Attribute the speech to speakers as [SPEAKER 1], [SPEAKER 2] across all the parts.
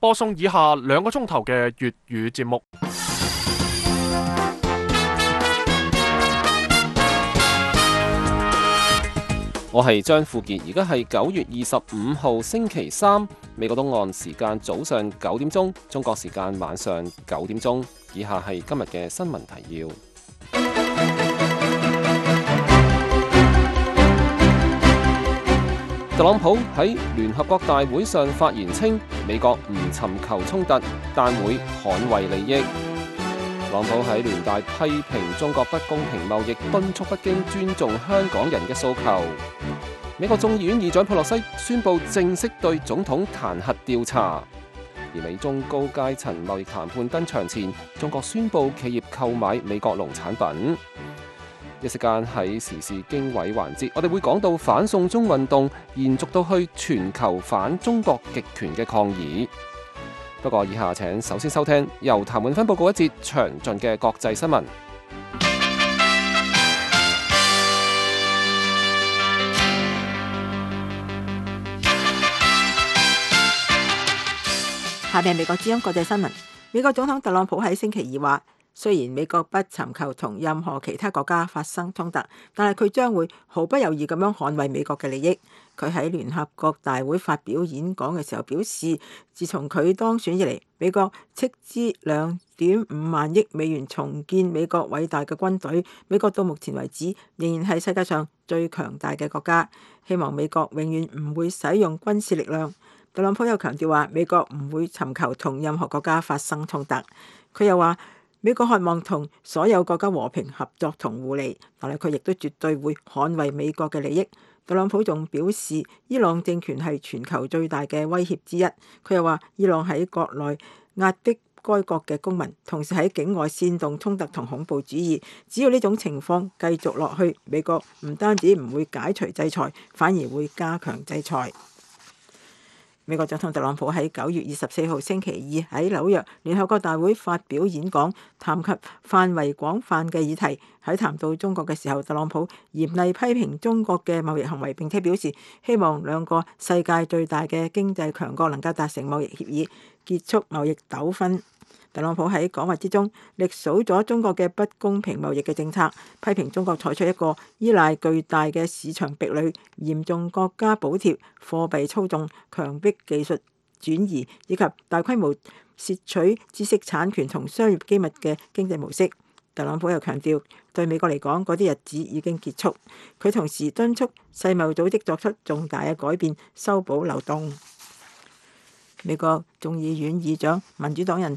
[SPEAKER 1] 播送以下兩個鐘頭嘅粵語節目。我係張富杰，而家係九月二十五號星期三，美國東岸時間早上九點鐘，中國時間晚上九點鐘。以下係今日嘅新聞提要。特朗普喺聯合國大會上發言稱，美國唔尋求衝突，但會捍衛利益。特朗普喺聯大批評中國不公平貿易，敦促北京尊重香港人嘅訴求。美國眾議院議長佩洛西宣布正式對總統彈劾調查。而美中高階層內談判登場前，中國宣布企業購買美國農產品。一時間喺時事經緯環節，我哋會講到反送中運動延續到去全球反中國極權嘅抗議。不過，以下請首先收聽由譚允芬報告一節詳盡嘅國際新聞。
[SPEAKER 2] 下面係美國之音國際新聞。美國總統特朗普喺星期二話，雖然美國不尋求同任何其他國家發生衝突，但係佢將會毫不猶豫咁樣捍衛美國嘅利益。佢喺聯合國大會發表演講嘅時候表示，自從佢當選以嚟，美國斥資兩點五萬億美元重建美國偉大嘅軍隊。美國到目前為止仍然係世界上最強大嘅國家。希望美國永遠唔會使用軍事力量。特朗普又強調話，美國唔會尋求同任何國家發生衝突。佢又話：美國渴望同所有國家和平合作同互利，但係佢亦都絕對會捍衛美國嘅利益。特朗普仲表示，伊朗政權係全球最大嘅威脅之一。佢又話，伊朗喺國內壓迫該國嘅公民，同時喺境外煽動衝突同恐怖主義。只要呢種情況繼續落去，美國唔單止唔會解除制裁，反而會加強制裁。美國總統特朗普喺九月二十四號星期二喺紐約聯合國大會發表演講，談及範圍廣泛嘅議題。喺談到中國嘅時候，特朗普嚴厲批評中國嘅貿易行為，並且表示希望兩個世界最大嘅經濟強國能夠達成貿易協議，結束貿易糾紛。特朗普喺講話之中，力數咗中國嘅不公平貿易嘅政策，批評中國採取一個依賴巨大嘅市場壁壘、嚴重國家補貼、貨幣操縱、強迫技術轉移以及大規模竊取知識產權同商業機密嘅經濟模式。特朗普又強調，對美國嚟講，嗰啲日子已經結束。佢同時敦促世貿組織作出重大嘅改變，修補漏洞。美國眾議院議長、民主黨人。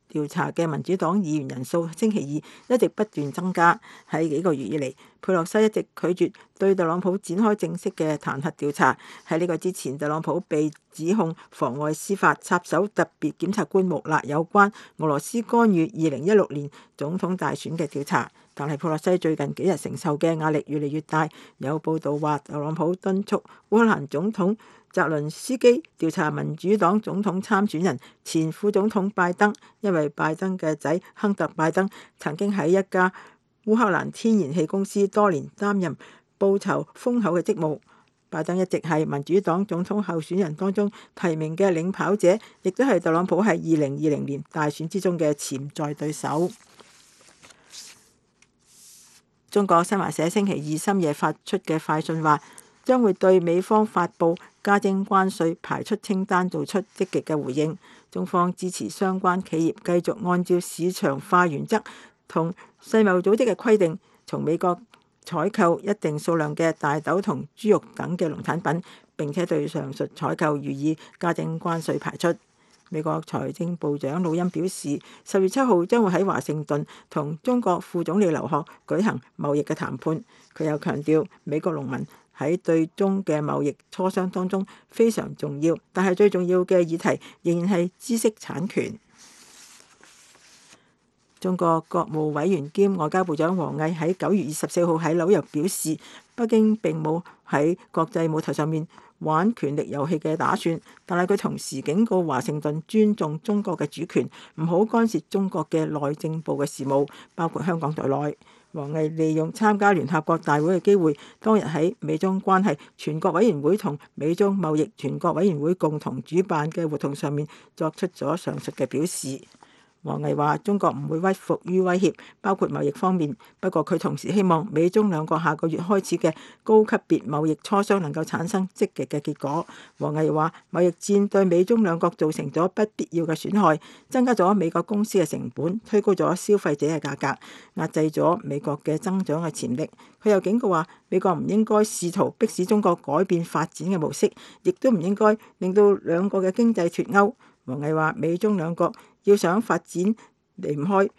[SPEAKER 2] 調查嘅民主黨議員人數，星期二一直不斷增加，喺幾個月以嚟。佩洛西一直拒絕對特朗普展開正式嘅彈劾調查。喺呢個之前，特朗普被指控妨礙司法、插手特別檢察官穆勒有關俄羅斯干預二零一六年總統大選嘅調查。但係佩洛西最近幾日承受嘅壓力越嚟越大。有報道話特朗普敦促烏克蘭總統澤倫斯基調查民主黨總統參選人、前副總統拜登，因為拜登嘅仔亨特拜登曾經喺一家。烏克蘭天然氣公司多年擔任報酬豐厚嘅職務。拜登一直係民主黨總統候選人當中提名嘅領跑者，亦都係特朗普喺二零二零年大選之中嘅潛在對手。中國新華社星期二深夜發出嘅快訊話，將會對美方發佈加徵關稅排除清單做出積極嘅回應，中方支持相關企業繼續按照市場化原則。同世貿組織嘅規定，從美國採購一定數量嘅大豆同豬肉等嘅農產品，並且對上述採購予以加徵關稅排除。美國財政部長魯恩表示，十月七號將會喺華盛頓同中國副總理劉鶴舉行貿易嘅談判。佢又強調，美國農民喺對中嘅貿易磋商當中非常重要，但係最重要嘅議題仍然係知識產權。中國國務委員兼外交部長王毅喺九月二十四號喺紐約表示，北京並冇喺國際舞台上面玩權力遊戲嘅打算，但係佢同時警告華盛頓尊重中國嘅主權，唔好干涉中國嘅內政部嘅事務，包括香港在內。王毅利用參加聯合國大會嘅機會，當日喺美中關係全國委員會同美中貿易全國委員會共同主辦嘅活動上面作出咗上述嘅表示。王毅話：中國唔會屈服於威脅，包括貿易方面。不過，佢同時希望美中兩國下個月開始嘅高級別貿易磋商能夠產生積極嘅結果。王毅話：貿易戰對美中兩國造成咗不必要嘅損害，增加咗美國公司嘅成本，推高咗消費者嘅價格，壓制咗美國嘅增長嘅潛力。佢又警告話：美國唔應該試圖迫使中國改變發展嘅模式，亦都唔應該令到兩國嘅經濟脫鈎。王毅話：美中兩國要想發展，離唔開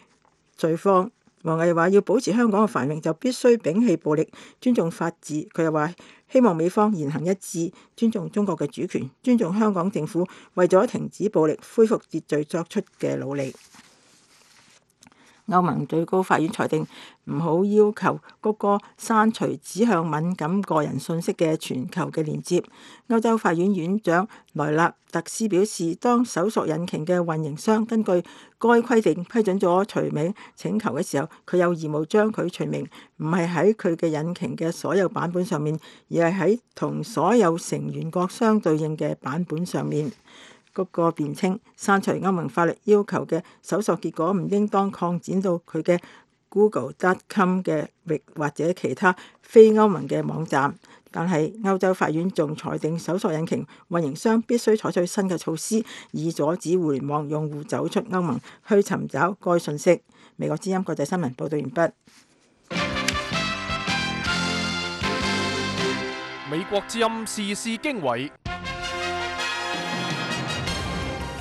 [SPEAKER 2] 罪方。王毅話：要保持香港嘅繁榮，就必須摒棄暴力，尊重法治。佢又話：希望美方言行一致，尊重中國嘅主權，尊重香港政府為咗停止暴力、恢復秩序作出嘅努力。歐盟最高法院裁定唔好要，要求谷歌刪除指向敏感個人信息嘅全球嘅連結。歐洲法院院長萊納特斯表示，當搜索引擎嘅運營商根據該規定批准咗除名請求嘅時候，佢有義務將佢除名，唔係喺佢嘅引擎嘅所有版本上面，而係喺同所有成員國相對應嘅版本上面。谷歌辯稱刪除歐盟法律要求嘅搜索結果唔應當擴展到佢嘅 Google.com 嘅域或者其他非歐盟嘅網站。但係歐洲法院仲裁定搜索引擎運營商必須採取新嘅措施，以阻止互聯網用戶走出歐盟去尋找該信息。美國之音國際新聞報道完畢。
[SPEAKER 3] 美國
[SPEAKER 1] 之音時事經緯。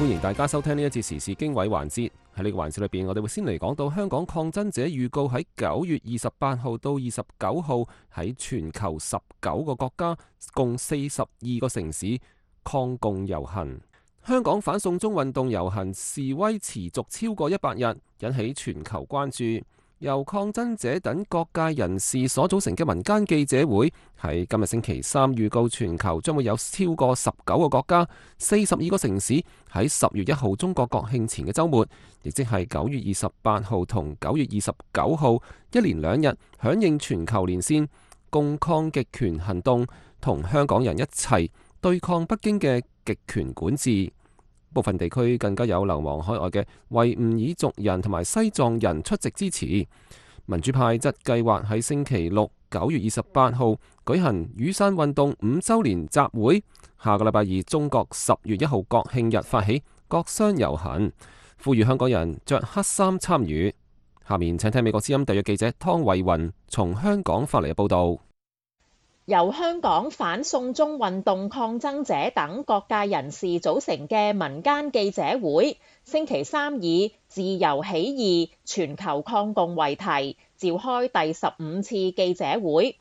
[SPEAKER 1] 歡迎大家收聽呢一節時事經緯環節。喺呢個環節裏邊，我哋會先嚟講到香港抗爭者預告喺九月二十八號到二十九號，喺全球十九個國家，共四十二個城市抗共遊行。香港反送中運動遊行示威持續超過一百日，引起全球關注。由抗爭者等各界人士所組成嘅民間記者會，喺今日星期三預告全球將會有超過十九個國家、四十二個城市喺十月一號中國國慶前嘅週末，亦即係九月二十八號同九月二十九號一連兩日，響應全球連線共抗極權行動，同香港人一齊對抗北京嘅極權管治。部分地區更加有流亡海外嘅維吾爾族人同埋西藏人出席支持。民主派則計劃喺星期六九月二十八號舉行雨傘運動五周年集會。下個禮拜二，中國十月一號國慶日發起國殤遊行，呼籲香港人着黑衫參與。下面請聽美國之音特約記者湯惠雲從香港發嚟嘅報道。
[SPEAKER 4] 由香港反送中運動抗爭者等各界人士組成嘅民間記者會，星期三以「自由起義，全球抗共」為題，召開第十五次記者會。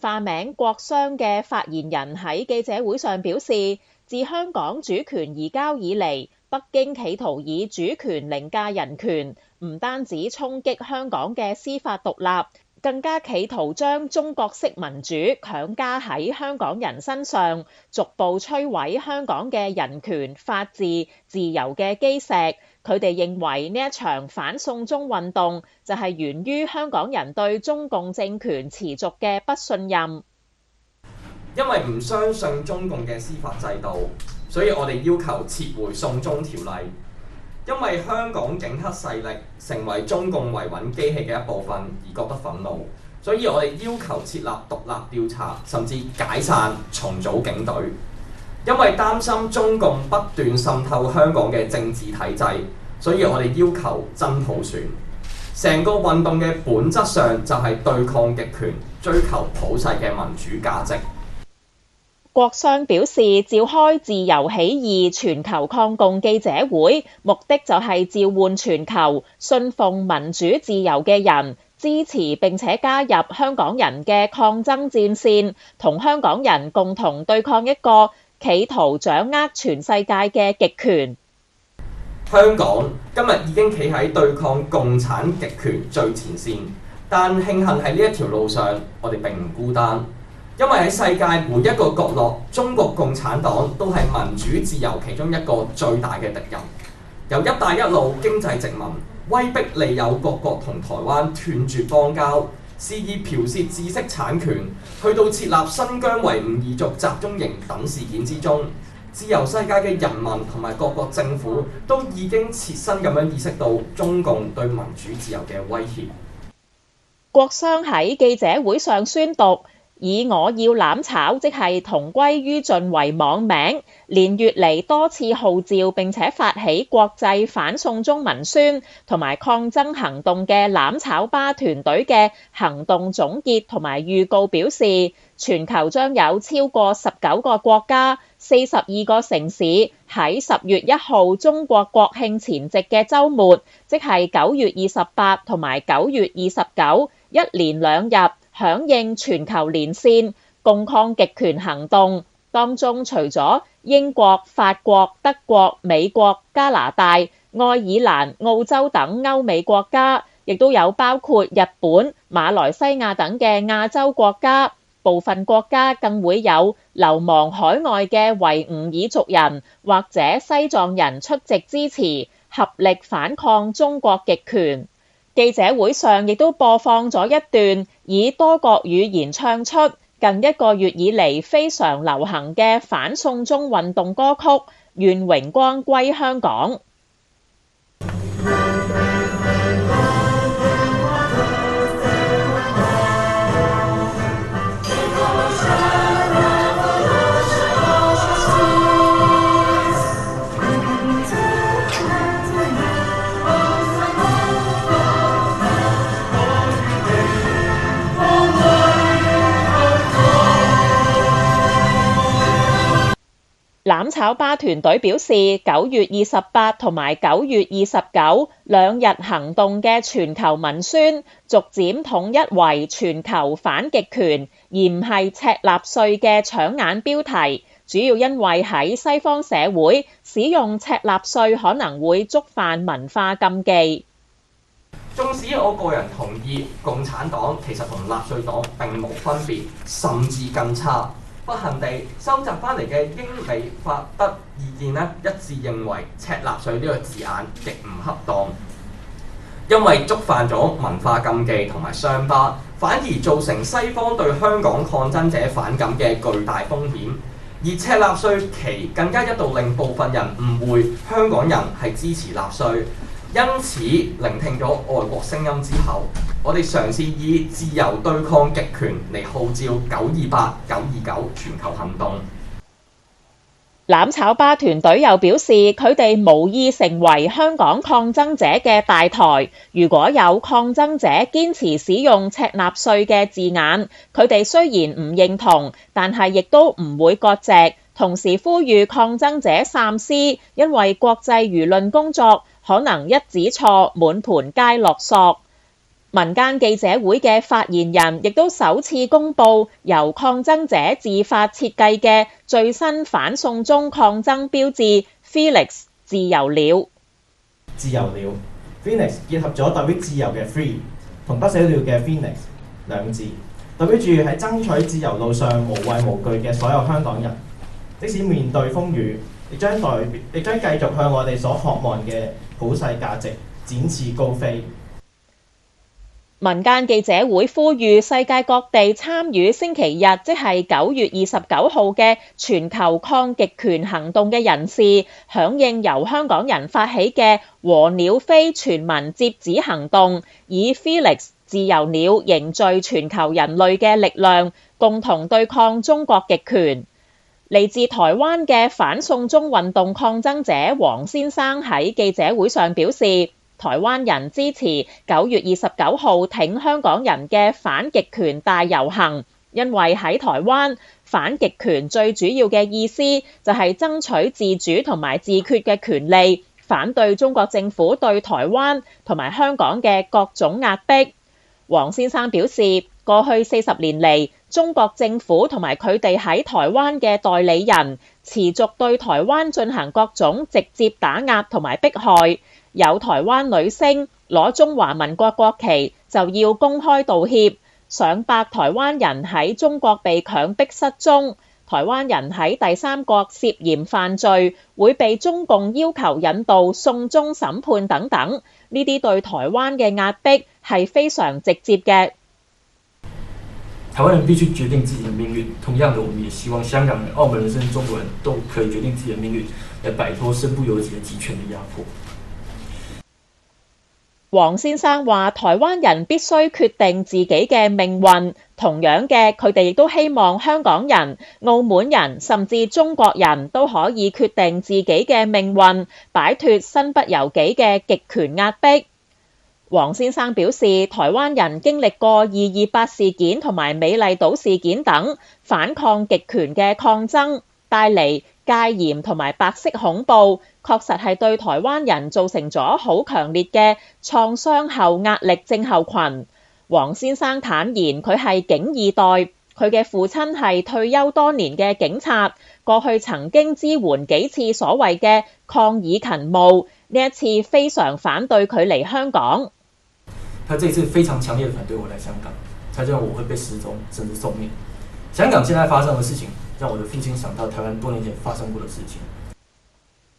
[SPEAKER 4] 化名國商嘅發言人喺記者會上表示，自香港主權移交以嚟，北京企圖以主權凌駕人權，唔單止衝擊香港嘅司法獨立。更加企圖將中國式民主強加喺香港人身上，逐步摧毀香港嘅人權、法治、自由嘅基石。佢哋認為呢一場反送中運動就係源於香港人對中共政權持續嘅不信任，
[SPEAKER 3] 因為唔相信中共嘅司法制度，所以我哋要求撤回送中條例。因為香港警黑勢力成為中共維穩機器嘅一部分，而覺得憤怒，所以我哋要求設立獨立調查，甚至解散重組警隊。因為擔心中共不斷滲透香港嘅政治體制，所以我哋要求真普選。成個運動嘅本質上就係對抗極權，追求普世嘅民主價值。
[SPEAKER 4] 國商表示，召開自由起義全球抗共記者會，目的就係召喚全球信奉民主自由嘅人，支持並且加入香港人嘅抗爭戰線，同香港人共同對抗一個企圖掌握全世界嘅極權。
[SPEAKER 3] 香港今日已經企喺對抗共產極權最前線，但慶幸喺呢一條路上，我哋並唔孤單。因為喺世界每一個角落，中國共產黨都係民主自由其中一個最大嘅敵人。由「一帶一路」經濟殖民、威逼利誘各國同台灣斷絕邦交，肆意剽竊知識產權，去到設立新疆維吾爾族集中營等事件之中，自由世界嘅人民同埋各國政府都已經切身咁樣意識到中共對民主自由嘅威脅。
[SPEAKER 4] 國商喺記者會上宣讀。以我要攬炒，即係同歸於盡為網名，連月嚟多次號召並且發起國際反送中文宣同埋抗爭行動嘅攬炒吧團隊嘅行動總結同埋預告表示，全球將有超過十九個國家、四十二個城市喺十月一號中國國慶前夕嘅周末，即係九月二十八同埋九月二十九，一連兩日。響應全球連線共抗極權行動，當中除咗英國、法國、德國、美國、加拿大、愛爾蘭、澳洲等歐美國家，亦都有包括日本、馬來西亞等嘅亞洲國家，部分國家更會有流亡海外嘅維吾爾族人或者西藏人出席支持，合力反抗中國極權。記者會上亦都播放咗一段以多國語言唱出近一個月以嚟非常流行嘅反送中運動歌曲《願榮光歸香港》。攬炒巴團隊表示，九月二十八同埋九月二十九兩日行動嘅全球文宣，逐漸統一為全球反極權，而唔係赤納粹嘅搶眼標題。主要因為喺西方社會，使用赤納粹可能會觸犯文化禁忌。
[SPEAKER 3] 縱使我個人同意，共產黨其實同納粹黨並冇分別，甚至更差。不幸地，收集翻嚟嘅英美法德意見咧，一致認為赤納粹呢個字眼極唔恰當，因為觸犯咗文化禁忌同埋傷疤，反而造成西方對香港抗爭者反感嘅巨大風險。而赤納粹期更加一度令部分人誤會香港人係支持納粹。因此，聆聽咗外國聲音之後，我哋嘗試以自由對抗極權嚟號召九二八、九二九全球行動。
[SPEAKER 4] 攬炒巴團隊又表示，佢哋無意成為香港抗爭者嘅大台。如果有抗爭者堅持使用赤納粹嘅字眼，佢哋雖然唔認同，但係亦都唔會割席。同時呼籲抗爭者三思，因為國際輿論工作。可能一子錯，滿盤皆落索。民間記者會嘅發言人亦都首次公佈由抗爭者自發設計嘅最新反送中抗爭標誌 ——Phoenix 自由鳥。
[SPEAKER 3] 自由鳥，Phoenix 結合咗代表自由嘅 Free 同不死鳥嘅 Phoenix 兩字，代表住喺爭取自由路上無畏無懼嘅所有香港人，即使面對風雨，亦將代表亦將繼續向我哋所渴望嘅。普世價值展翅高飛。
[SPEAKER 4] 民間記者會呼籲世界各地參與星期日，即係九月二十九號嘅全球抗極權行動嘅人士，響應由香港人發起嘅「和鳥飛全民接旨」行動，以菲力斯自由鳥凝聚全球人類嘅力量，共同對抗中國極權。嚟自台灣嘅反送中運動抗爭者黃先生喺記者會上表示，台灣人支持九月二十九號挺香港人嘅反極權大遊行，因為喺台灣，反極權最主要嘅意思就係爭取自主同埋自決嘅權利，反對中國政府對台灣同埋香港嘅各種壓迫。黃先生表示，過去四十年嚟，中國政府同埋佢哋喺台灣嘅代理人，持續對台灣進行各種直接打壓同埋迫害。有台灣女星攞中華民國國旗就要公開道歉，上百台灣人喺中國被強迫失蹤，台灣人喺第三國涉嫌犯罪會被中共要求引渡送中審判等等，呢啲對台灣嘅壓迫係非常直接嘅。
[SPEAKER 3] 台灣人必須決定自己嘅命運，同樣嘅，我們也希望香港人、澳門人、甚至中國人都可以決定自己嘅命運，來擺脫身不由己嘅極權的壓迫。
[SPEAKER 4] 黃先生話：台灣人必須決定自己嘅命運，同樣嘅，佢哋亦都希望香港人、澳門人、甚至中國人都可以決定自己嘅命運，擺脫身不由己嘅極權壓迫。王先生表示，台灣人經歷過二二八事件同埋美麗島事件等反抗極權嘅抗爭帶嚟戒嚴同埋白色恐怖，確實，係對台灣人造成咗好強烈嘅創傷後壓力症候群。王先生坦言，佢係警二代，佢嘅父親，係退休多年嘅警察，過去曾經支援幾次所謂嘅抗議勤務。呢一次非常反對佢嚟香港。
[SPEAKER 3] 他這次非常強烈地反對我來香港，他認為我會被失蹤甚至送命。香港現在發生的事情，讓我的父親想到台灣多年前發生過的事情。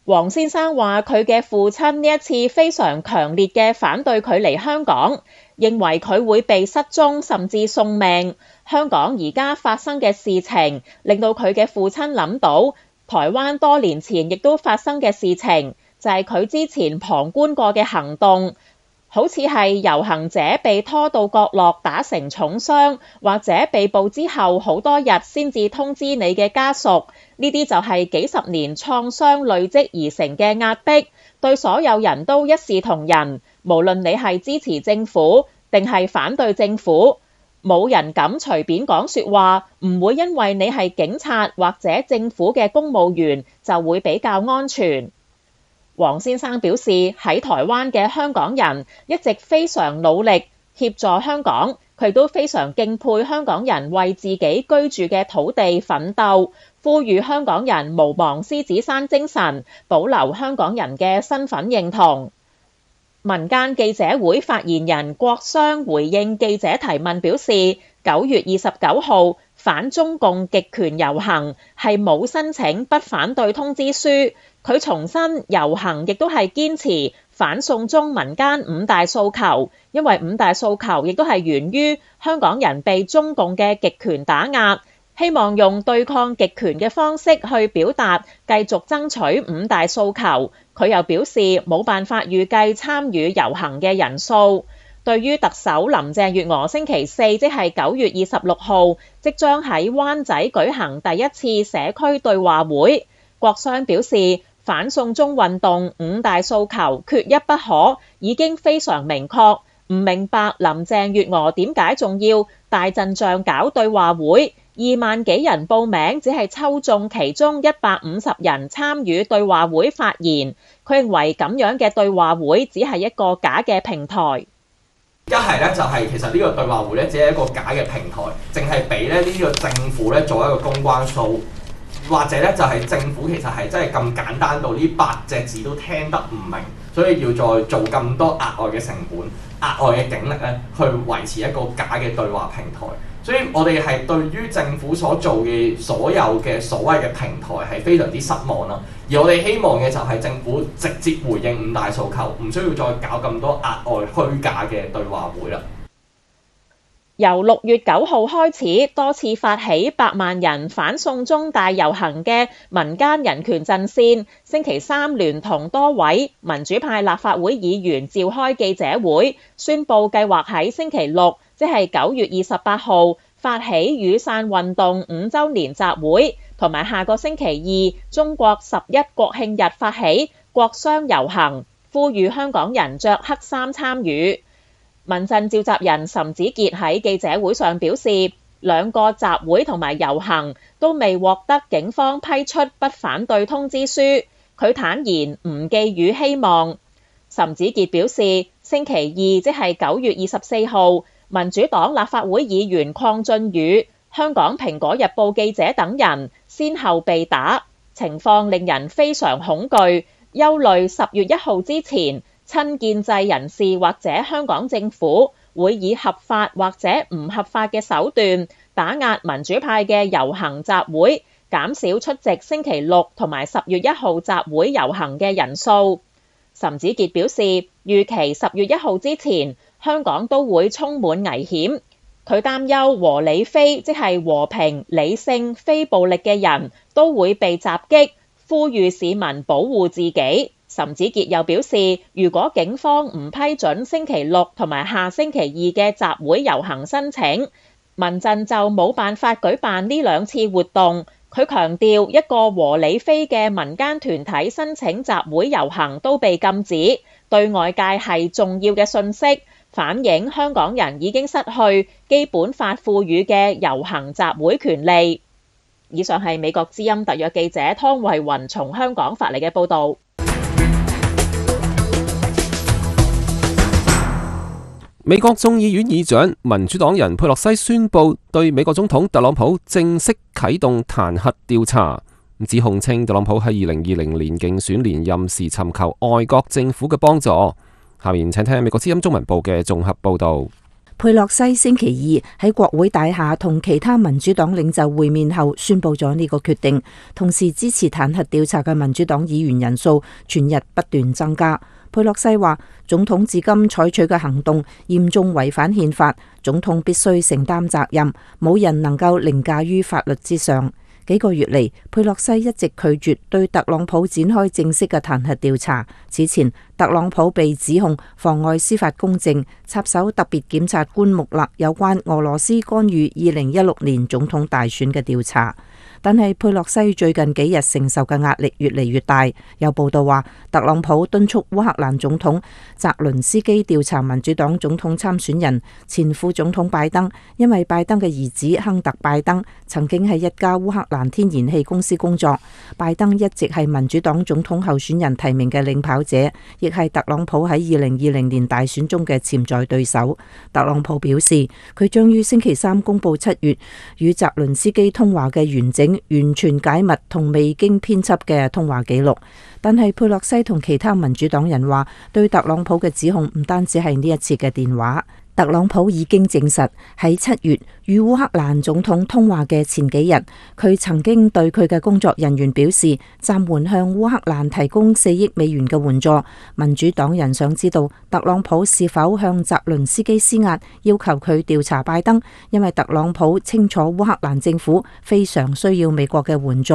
[SPEAKER 4] 黃先生話：佢嘅父親呢一次非常強烈嘅反對佢嚟香港，認為佢會被失蹤甚至送命。香港而家發生嘅事情，令到佢嘅父親諗到台灣多年前亦都發生嘅事情，就係、是、佢之前旁觀過嘅行動。好似係遊行者被拖到角落打成重傷，或者被捕之後好多日先至通知你嘅家屬，呢啲就係幾十年創傷累積而成嘅壓迫，對所有人都一視同仁，無論你係支持政府定係反對政府，冇人敢隨便講說話，唔會因為你係警察或者政府嘅公務員就會比較安全。黃先生表示，喺台灣嘅香港人一直非常努力協助香港，佢都非常敬佩香港人為自己居住嘅土地奮鬥，呼籲香港人無忘獅子山精神，保留香港人嘅身份認同。民間記者會發言人郭商回應記者提問表示，九月二十九號，反中共極權遊行係冇申請不反對通知書，佢重申遊行亦都係堅持反送中民間五大訴求，因為五大訴求亦都係源於香港人被中共嘅極權打壓，希望用對抗極權嘅方式去表達，繼續爭取五大訴求。佢又表示冇辦法預計參與遊行嘅人數。對於特首林鄭月娥星期四即係九月二十六號即將喺灣仔舉行第一次社區對話會，國商表示反送中運動五大訴求缺一不可，已經非常明確。唔明白林鄭月娥點解仲要大陣仗搞對話會，二萬幾人報名只係抽中其中一百五十人參與對話會發言。佢認為咁樣嘅對話會只係一個假嘅平台。
[SPEAKER 3] 一係咧就係、是、其實呢個對話會咧只係一個假嘅平台，淨係俾咧呢、這個政府咧做一個公關數，或者咧就係、是、政府其實係真係咁簡單到呢八隻字都聽得唔明，所以要再做咁多額外嘅成本、額外嘅警力咧去維持一個假嘅對話平台。所以我哋係對於政府所做嘅所有嘅所謂嘅平台係非常之失望咯。而我哋希望嘅就係政府直接回應五大訴求，唔需要再搞咁多額外虛假嘅對話會啦。
[SPEAKER 4] 由六月九號開始，多次發起百萬人反送中大遊行嘅民間人權陣線，星期三聯同多位民主派立法會議員召開記者會，宣布計劃喺星期六。即係九月二十八號發起雨傘運動五週年集會，同埋下個星期二中國十一國慶日發起國商遊行，呼籲香港人着黑衫參與。民陣召集人岑子傑喺記者會上表示，兩個集會同埋遊行都未獲得警方批出不反對通知書。佢坦言唔寄予希望。岑子傑表示，星期二即係九月二十四號。民主黨立法會議員鄺俊宇、香港《蘋果日報》記者等人，先後被打，情況令人非常恐懼、憂慮。十月一號之前，親建制人士或者香港政府會以合法或者唔合法嘅手段打壓民主派嘅遊行集會，減少出席星期六同埋十月一號集會遊行嘅人數。岑子傑表示，預期十月一號之前。香港都會充滿危險，佢擔憂和理非即係和平理性非暴力嘅人都會被襲擊，呼籲市民保護自己。岑子傑又表示，如果警方唔批准星期六同埋下星期二嘅集會遊行申請，民陣就冇辦法舉辦呢兩次活動。佢強調，強調一個和理非嘅民間團體申請集會遊行都被禁止，對外界係重要嘅信息，反映香港人已經失去基本法賦予嘅遊行集會權利。以上係美國之音特約記者湯慧雲從香港發嚟嘅報導。
[SPEAKER 1] 美國眾議院議長民主黨人佩洛西宣布對美國總統特朗普正式啟動彈劾調查，指控稱特朗普喺二零二零年競選連任時尋求外國政府嘅幫助。下面請聽美國之音中文部嘅綜合報道。
[SPEAKER 5] 佩洛西星期二喺國會大廈同其他民主黨領袖會面後宣布咗呢個決定，同時支持彈劾調查嘅民主黨議員人數全日不斷增加。佩洛西話：總統至今採取嘅行動嚴重違反憲法，總統必須承擔責任。冇人能夠凌駕於法律之上。幾個月嚟，佩洛西一直拒絕對特朗普展開正式嘅彈劾調查。此前，特朗普被指控妨礙司法公正，插手特別檢察官穆勒有關俄羅斯干預二零一六年總統大選嘅調查。但係佩洛西最近幾日承受嘅壓力越嚟越大，有報道話，特朗普敦促烏克蘭總統澤倫斯基調查民主黨總統參選人、前副總統拜登，因為拜登嘅兒子亨特拜登曾經喺一家烏克蘭天然氣公司工作。拜登一直係民主黨總統候選人提名嘅領跑者，亦係特朗普喺二零二零年大選中嘅潛在對手。特朗普表示，佢將於星期三公布七月與澤倫斯基通話嘅完整完全解密同未經編輯嘅通話記錄，但係佩洛西同其他民主黨人話，對特朗普嘅指控唔單止係呢一次嘅電話。特朗普已經證實喺七月與烏克蘭總統通話嘅前幾日，佢曾經對佢嘅工作人員表示，暫緩向烏克蘭提供四億美元嘅援助。民主黨人想知道特朗普是否向澤連斯基施壓，要求佢調查拜登，因為特朗普清楚烏克蘭政府非常需要美國嘅援助。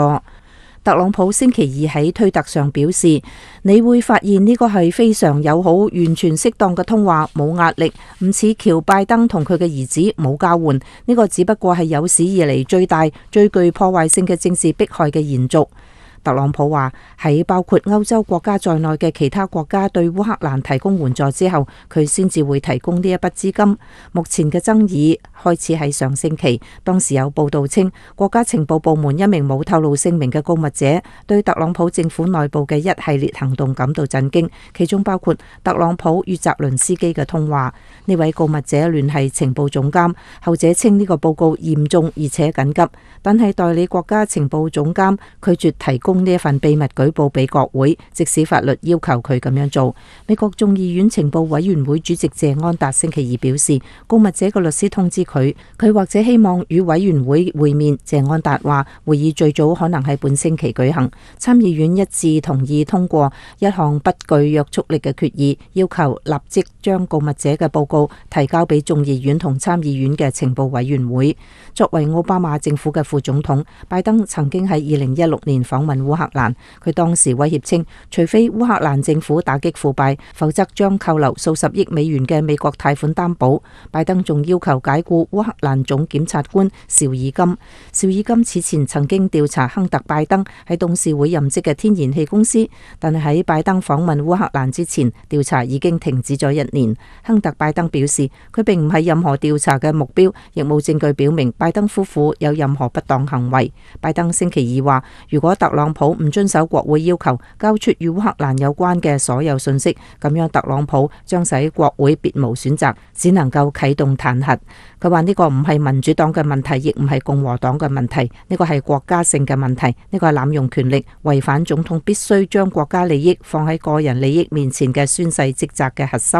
[SPEAKER 5] 特朗普星期二喺推特上表示：你會發現呢個係非常友好、完全適當嘅通話，冇壓力，唔似喬拜登同佢嘅兒子冇交換。呢個只不過係有史以嚟最大、最具破壞性嘅政治迫害嘅延續。特朗普話喺包括歐洲國家在內嘅其他國家對烏克蘭提供援助之後，佢先至會提供呢一筆資金。目前嘅爭議開始喺上星期，當時有報道稱，國家情報部門一名冇透露姓名嘅告密者對特朗普政府內部嘅一系列行動感到震驚，其中包括特朗普與澤連斯基嘅通話。呢位告密者聯繫情報總監，後者稱呢個報告嚴重而且緊急，但係代理國家情報總監拒絕提供。呢一份秘密舉報俾國會，即使法律要求佢咁樣做。美國眾議院情報委員會主席謝安達星期二表示，告密者嘅律師通知佢，佢或者希望與委員會會面。謝安達話，會議最早可能喺本星期舉行。參議院一致同意通過一項不具約束力嘅決議，要求立即將告密者嘅報告提交俾眾議院同參議院嘅情報委員會。作為奧巴馬政府嘅副總統，拜登曾經喺二零一六年訪問。烏克蘭佢當時威脅稱，除非烏克蘭政府打擊腐敗，否則將扣留數十億美元嘅美國貸款擔保。拜登仲要求解僱烏克蘭總檢察官邵爾金。邵爾金此前曾經調查亨特·拜登喺董事會任職嘅天然氣公司，但係喺拜登訪問烏克蘭之前，調查已經停止咗一年。亨特·拜登表示，佢並唔係任何調查嘅目標，亦冇證據表明拜登夫婦有任何不當行為。拜登星期二話，如果特朗普。普唔遵守國會要求交出與烏克蘭有關嘅所有信息，咁樣特朗普將使國會別無選擇，只能夠啟動彈劾。佢話呢個唔係民主黨嘅問題，亦唔係共和黨嘅問題，呢個係國家性嘅問題，呢個係濫用權力、違反總統必須將國家利益放喺個人利益面前嘅宣誓職責嘅核心。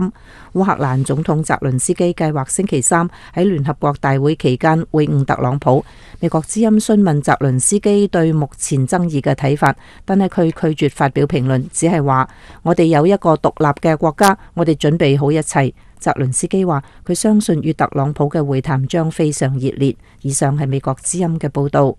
[SPEAKER 5] 烏克蘭總統澤倫斯基計劃星期三喺聯合國大會期間會晤特朗普。美國之音詢問澤倫斯基對目前爭議嘅。睇法，但係佢拒絕發表評論，只係話「我哋有一個獨立嘅國家，我哋準備好一切」。澤倫斯基話，佢相信與特朗普嘅會談將非常熱烈。以上係美國之音嘅報道。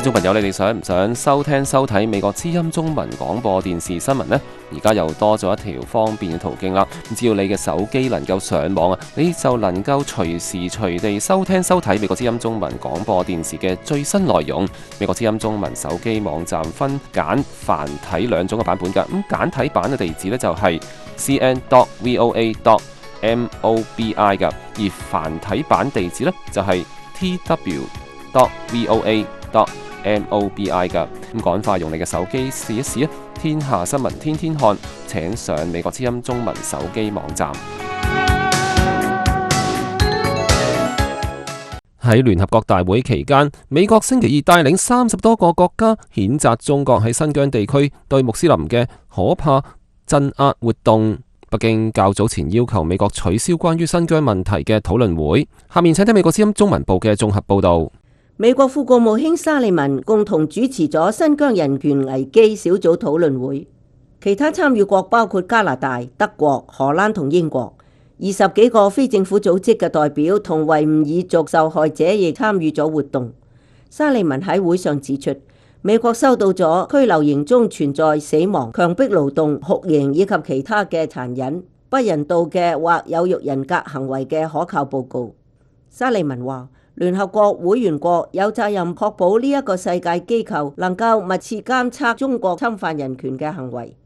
[SPEAKER 1] 觀眾朋友，你哋想唔想收聽收睇美國之音中文廣播電視新聞呢？而家又多咗一條方便嘅途徑啦！只要你嘅手機能夠上網啊，你就能夠隨時隨地收聽收睇美國之音中文廣播電視嘅最新內容。美國之音中文手機網站分簡繁體兩種嘅版本噶，咁簡體版嘅地址呢，就係 cn.voa.mobi 嘅，而繁體版地址呢，就係 tw.voa Mobi 㗎，咁趕快用你嘅手機試一試啊！天下新聞天天看，請上美國之音中文手機網站。喺聯合國大會期間，美國星期二帶領三十多個國家譴責中國喺新疆地區對穆斯林嘅可怕鎮壓活動。北京較早前要求美國取消關於新疆問題嘅討論會。下面請聽美國之音中文部嘅綜合報導。
[SPEAKER 6] 美國副國務卿沙利文共同主持咗新疆人權危機小組討論會，其他參與國包括加拿大、德國、荷蘭同英國，二十幾個非政府組織嘅代表同維吾爾族受害者亦參與咗活動。沙利文喺會上指出，美國收到咗拘留營中存在死亡、強迫勞動、酷刑以及其他嘅殘忍、不人道嘅或有辱人格行為嘅可靠報告。沙利文話：聯合國會員國有責任確保呢一個世界機構能夠密切監測中國侵犯人權嘅行為。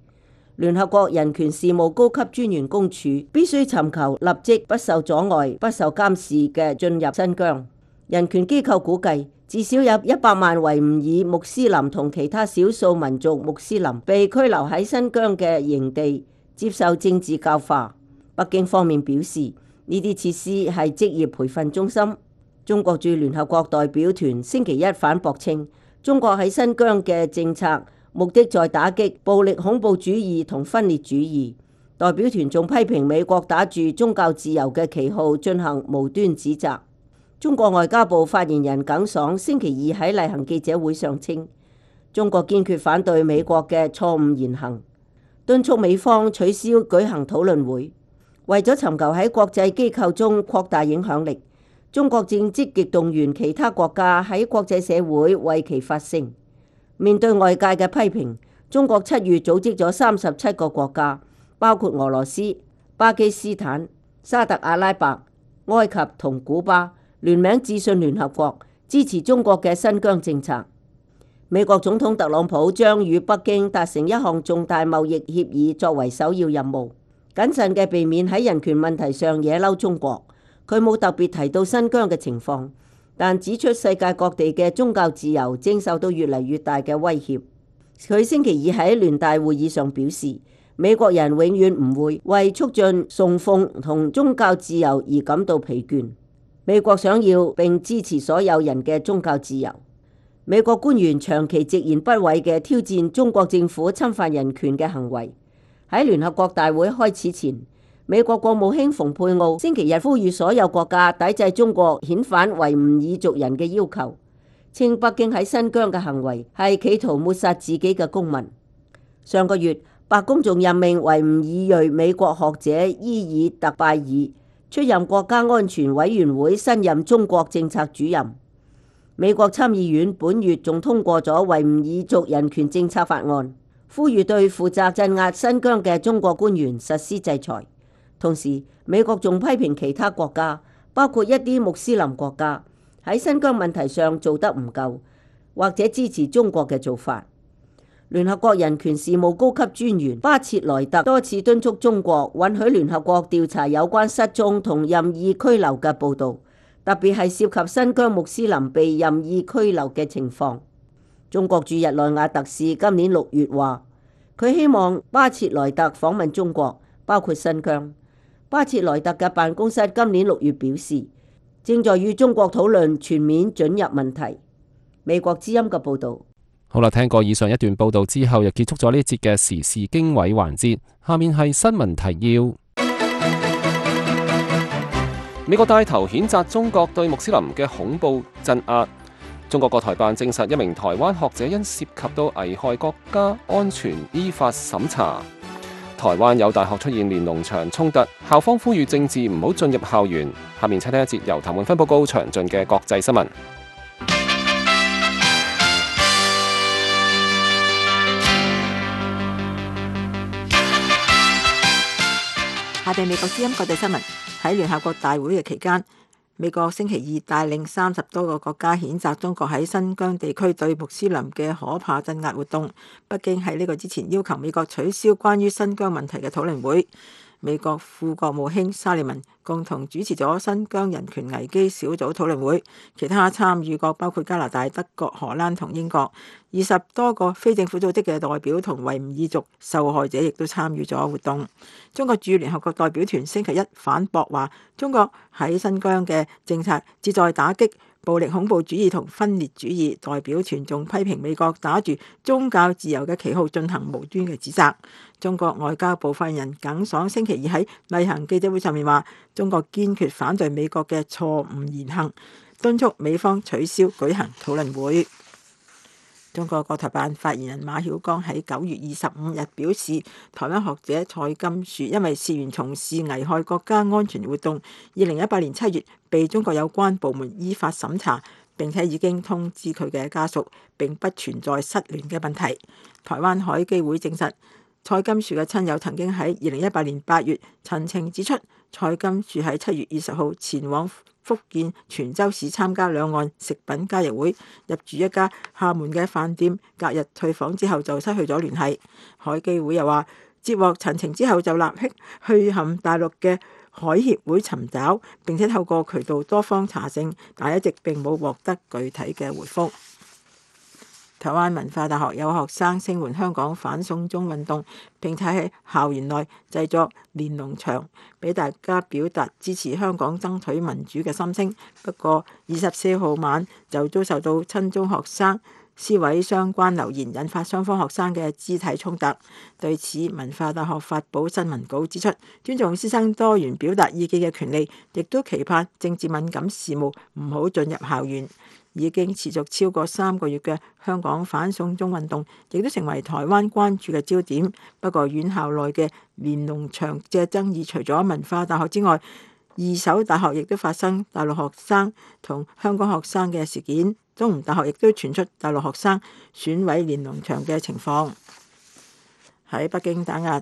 [SPEAKER 6] 聯合國人權事務高級專員公署必須尋求立即不受阻礙、不受監視嘅進入新疆。人權機構估計，至少有一百萬維吾爾穆斯林同其他少數民族穆斯林被拘留喺新疆嘅營地接受政治教化。北京方面表示，呢啲設施係職業培訓中心。中國駐聯合國代表團星期一反駁稱，中國喺新疆嘅政策目的在打擊暴力恐怖主義同分裂主義。代表團仲批評美國打住宗教自由嘅旗號進行無端指責。中國外交部發言人耿爽星期二喺例行記者會上稱，中國堅決反對美國嘅錯誤言行，敦促美方取消舉行討論會，為咗尋求喺國際機構中擴大影響力。中國正積極動員其他國家喺國際社會為其發聲。面對外界嘅批評，中國七月組織咗三十七個國家，包括俄羅斯、巴基斯坦、沙特阿拉伯、埃及同古巴，聯名致信聯合國，支持中國嘅新疆政策。美國總統特朗普將與北京達成一項重大貿易協議作為首要任務，謹慎嘅避免喺人權問題上惹嬲中國。佢冇特別提到新疆嘅情況，但指出世界各地嘅宗教自由正受到越嚟越大嘅威脅。佢星期二喺聯大會議上表示，美國人永遠唔會為促進崇奉同宗教自由而感到疲倦。美國想要並支持所有人嘅宗教自由。美國官員長期直言不諱嘅挑戰中國政府侵犯人權嘅行為，喺聯合國大會開始前。美國國務卿蓬佩奧星期日呼籲所有國家抵制中國遣返維吾爾族人嘅要求，稱北京喺新疆嘅行為係企圖抹殺自己嘅公民。上個月，白宮仲任命維吾爾裔美國學者伊爾特拜爾出任國家安全委員會新任中國政策主任。美國參議院本月仲通過咗維吾爾族人權政策法案，呼籲對負責鎮壓新疆嘅中國官員實施制裁。同時，美國仲批評其他國家，包括一啲穆斯林國家喺新疆問題上做得唔夠，或者支持中國嘅做法。聯合國人權事務高級專員巴切萊特多次敦促中國允許聯合國調查有關失蹤同任意拘留嘅報導，特別係涉及新疆穆斯林被任意拘留嘅情況。中國駐日內瓦特使今年六月話：佢希望巴切萊特訪問中國，包括新疆。巴切萊特嘅辦公室今年六月表示，正在與中國討論全面準入問題。美國之音嘅報道。
[SPEAKER 1] 好啦，聽過以上一段報道之後，又結束咗呢一節嘅時事經緯環節。下面係新聞提要。美國帶頭譴責中國對穆斯林嘅恐怖鎮壓。中國國台辦證實，一名台灣學者因涉及到危害國家安全，依法審查。台灣有大學出現連農場衝突，校方呼籲政治唔好進入校園。下面請聽一節由譚詠芬報告詳盡嘅國際新聞。
[SPEAKER 2] 下面美國之音國際新聞喺聯合國大會嘅期間。美國星期二帶領三十多個國家譴責中國喺新疆地區對穆斯林嘅可怕鎮壓活動。北京喺呢個之前要求美國取消關於新疆問題嘅討論會。美國副國務卿沙利文共同主持咗新疆人權危機小組討論會，其他參與國包括加拿大、德國、荷蘭同英國，二十多個非政府組織嘅代表同維吾爾族受害者亦都參與咗活動。中國駐聯合國代表團星期一反駁話，中國喺新疆嘅政策旨在打擊暴力恐怖主義同分裂主義，代表團仲批評美國打住宗教自由嘅旗號進行無端嘅指責。中國外交部發言人耿爽星期二喺例行記者會上面話：中國堅決反對美國嘅錯誤言行，敦促美方取消舉行討論會。中國國台辦發言人馬曉光喺九月二十五日表示，台灣學者蔡金樹因為涉嫌從事危害國家安全活動，二零一八年七月被中國有關部門依法審查，並且已經通知佢嘅家屬，並不存在失聯嘅問題。台灣海基會證實，蔡金樹嘅親友曾經喺二零一八年八月陳情指出，蔡金樹喺七月二十號前往福建泉州市參加兩岸食品交易會，入住一家廈門嘅飯店，隔日退房之後就失去咗聯繫，海基會又話接獲陳情之後就立即去向大陸嘅海協會尋找，並且透過渠道多方查證，但一直並冇獲得具體嘅回覆。台灣文化大學有學生聲援香港反送中運動，並喺校園內製作連儂牆，俾大家表達支持香港爭取民主嘅心聲。不過，二十四號晚就遭受到親中學生撕毀相關留言，引發雙方學生嘅肢體衝突。對此，文化大學發佈新聞稿指出，尊重師生多元表達意見嘅權利，亦都期盼政治敏感事務唔好進入校園。已經持續超過三個月嘅香港反送中運動，亦都成為台灣關注嘅焦點。不過，院校內嘅連儂牆嘅爭議，除咗文化大學之外，二手大學亦都發生大陸學生同香港學生嘅事件。東吳大學亦都傳出大陸學生損毀連儂牆嘅情況。喺北京打壓、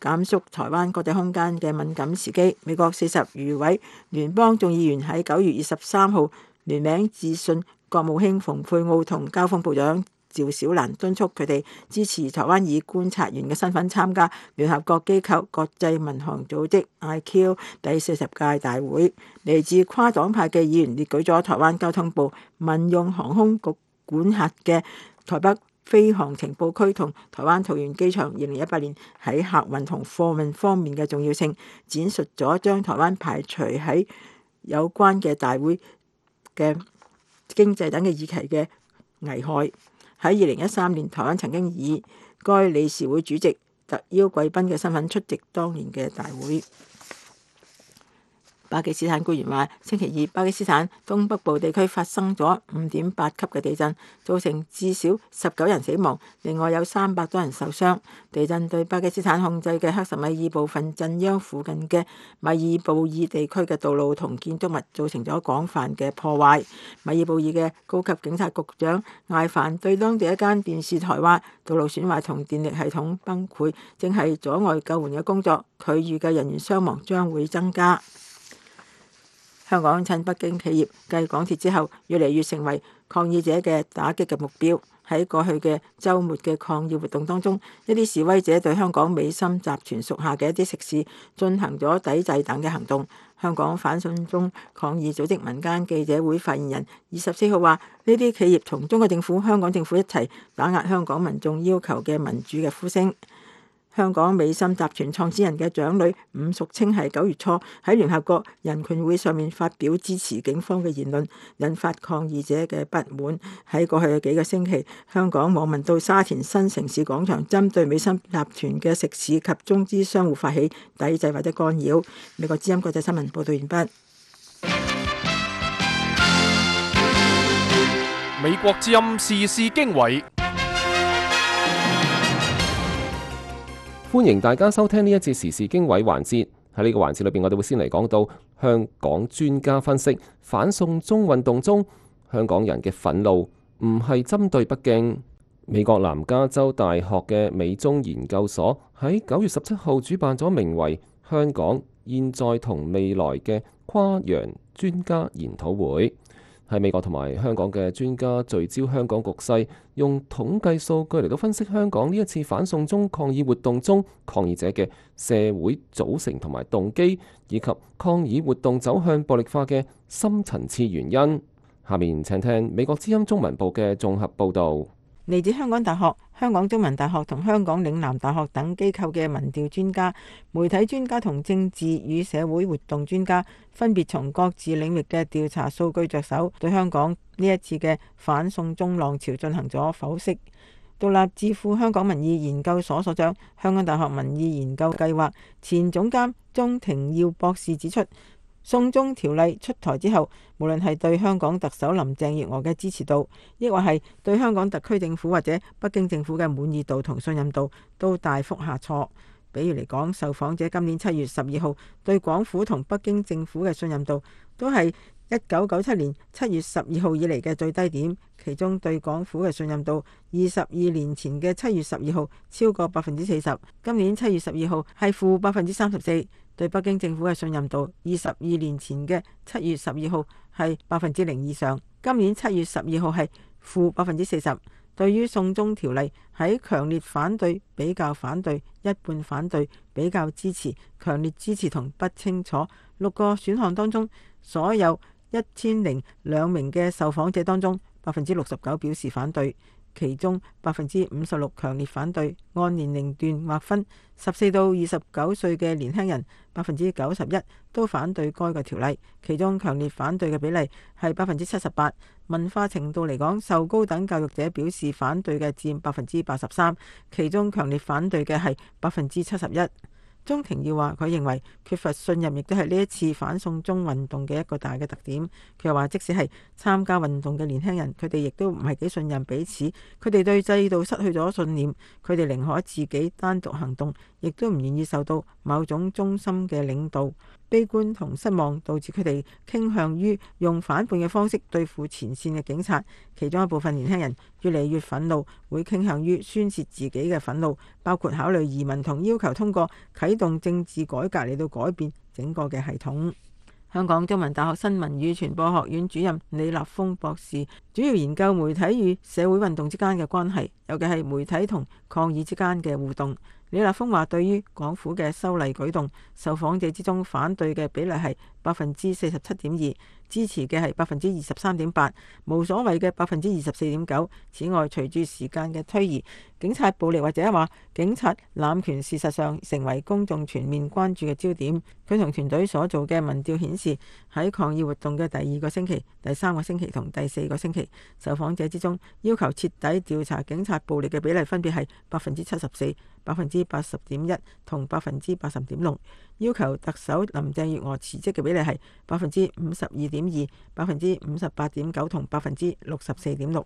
[SPEAKER 2] 減縮台灣國際空間嘅敏感時機，美國四十餘位聯邦眾議員喺九月二十三號，聯名致信國務卿蓬佩奧同交通部長趙小蘭，敦促佢哋支持台灣以觀察員嘅身份參加聯合國機構國際民航組織 IQ 第四十屆大會。嚟自跨黨派嘅議員列舉咗台灣交通部民用航空局管轄嘅台北飛航情報區同台灣桃園機場二零一八年喺客運同貨運方面嘅重要性，展述咗將台灣排除喺有關嘅大會嘅經濟等嘅議題嘅危害，喺二零一三年，台灣曾經以該理事會主席特邀貴賓嘅身份出席當年嘅大會。巴基斯坦官員話：星期二，巴基斯坦東北部地區發生咗五點八級嘅地震，造成至少十九人死亡，另外有三百多人受傷。地震對巴基斯坦控制嘅克什米爾部分震央附近嘅米爾布爾地區嘅道路同建築物造成咗廣泛嘅破壞。米爾布爾嘅高級警察局長艾凡對當地一間電視台話：道路損壞同電力系統崩潰正係阻礙救援嘅工作，佢預計人員傷亡將會增加。香港趁北京企業繼港鐵之後越嚟越成為抗議者嘅打擊嘅目標。喺過去嘅周末嘅抗議活動當中，一啲示威者對香港美心集團屬下嘅一啲食肆進行咗抵制等嘅行動。香港反送中抗議組織民間記者會發言人二十四號話，呢啲企業同中國政府、香港政府一齊打壓香港民眾要求嘅民主嘅呼聲。香港美心集團創始人嘅長女伍淑清喺九月初喺聯合國人權會上面發表支持警方嘅言論，引發抗議者嘅不滿。喺過去幾個星期，香港網民到沙田新城市廣場針對美心集團嘅食肆及中資商戶發起抵制或者干擾。美國之音國際新聞報道完畢。
[SPEAKER 3] 美國之音時事經緯。
[SPEAKER 1] 歡迎大家收聽呢一節時事經緯環節。喺呢個環節裏邊，我哋會先嚟講到香港專家分析反送中運動中香港人嘅憤怒，唔係針對北京。美國南加州大學嘅美中研究所喺九月十七號主辦咗名為《香港現在同未來》嘅跨洋專家研討會。喺美國同埋香港嘅專家聚焦香港局勢，用統計數據嚟到分析香港呢一次反送中抗議活動中抗議者嘅社會組成同埋動機，以及抗議活動走向暴力化嘅深層次原因。下面請聽美國之音中文部嘅綜合報導。
[SPEAKER 2] 嚟自香港大學、香港中文大學同香港嶺南大學等機構嘅民調專家、媒體專家同政治與社會活動專家，分別從各自領域嘅調查數據着手，對香港呢一次嘅反送中浪潮進行咗剖析。獨立智庫香港民意研究所所長、香港大學民意研究計劃前總監鍾庭耀博士指出，《送中條例》出台之後，無論係對香港特首林鄭月娥嘅支持度，亦或係對香港特區政府或者北京政府嘅滿意度同信任度，都大幅下挫。比如嚟講，受訪者今年七月十二號對港府同北京政府嘅信任度，都係一九九七年七月十二號以嚟嘅最低點。其中對港府嘅信任度，二十二年前嘅七月十二號超過百分之四十，今年七月十二號係負百分之三十四。對北京政府嘅信任度，二十二年前嘅七月十二號係百分之零以上，今年七月十二號係負百分之四十。對於送中條例，喺強烈反對、比較反對、一半反對、比較支持、強烈支持同不清楚六個選項當中，所有一千零兩名嘅受訪者當中，百分之六十九表示反對。其中百分之五十六強烈反對，按年齡段劃分，十四到二十九歲嘅年輕人，百分之九十一都反對該個條例，其中強烈反對嘅比例係百分之七十八。文化程度嚟講，受高等教育者表示反對嘅佔百分之八十三，其中強烈反對嘅係百分之七十一。鐘庭耀話：佢認為缺乏信任亦都係呢一次反送中運動嘅一個大嘅特點。佢又話，即使係參加運動嘅年輕人，佢哋亦都唔係幾信任彼此，佢哋對制度失去咗信念，佢哋寧可自己單獨行動，亦都唔願意受到某種中心嘅領導。悲觀同失望導致佢哋傾向於用反叛嘅方式對付前線嘅警察，其中一部分年輕人越嚟越憤怒，會傾向於宣泄自己嘅憤怒，包括考慮移民同要求通過啟動政治改革嚟到改變整個嘅系統。香港中文大學新聞與傳播學院主任李立峯博士主要研究媒體與社會運動之間嘅關係，尤其係媒體同抗議之間嘅互動。李立峰話，對於港府嘅修例舉動，受訪者之中反對嘅比例係百分之四十七點二。支持嘅係百分之二十三點八，無所謂嘅百分之二十四點九。此外，隨住時間嘅推移，警察暴力或者話警察濫權，事實上成為公眾全面關注嘅焦點。佢同團隊所做嘅民調顯示，喺抗議活動嘅第二個星期、第三個星期同第四個星期，受訪者之中要求徹底調查警察暴力嘅比例分別係百分之七十四、百分之八十點一同百分之八十點六。要求特首林鄭月娥辭職嘅比例係百分之五十二點二百分之五十八點九同百分之六十四點六。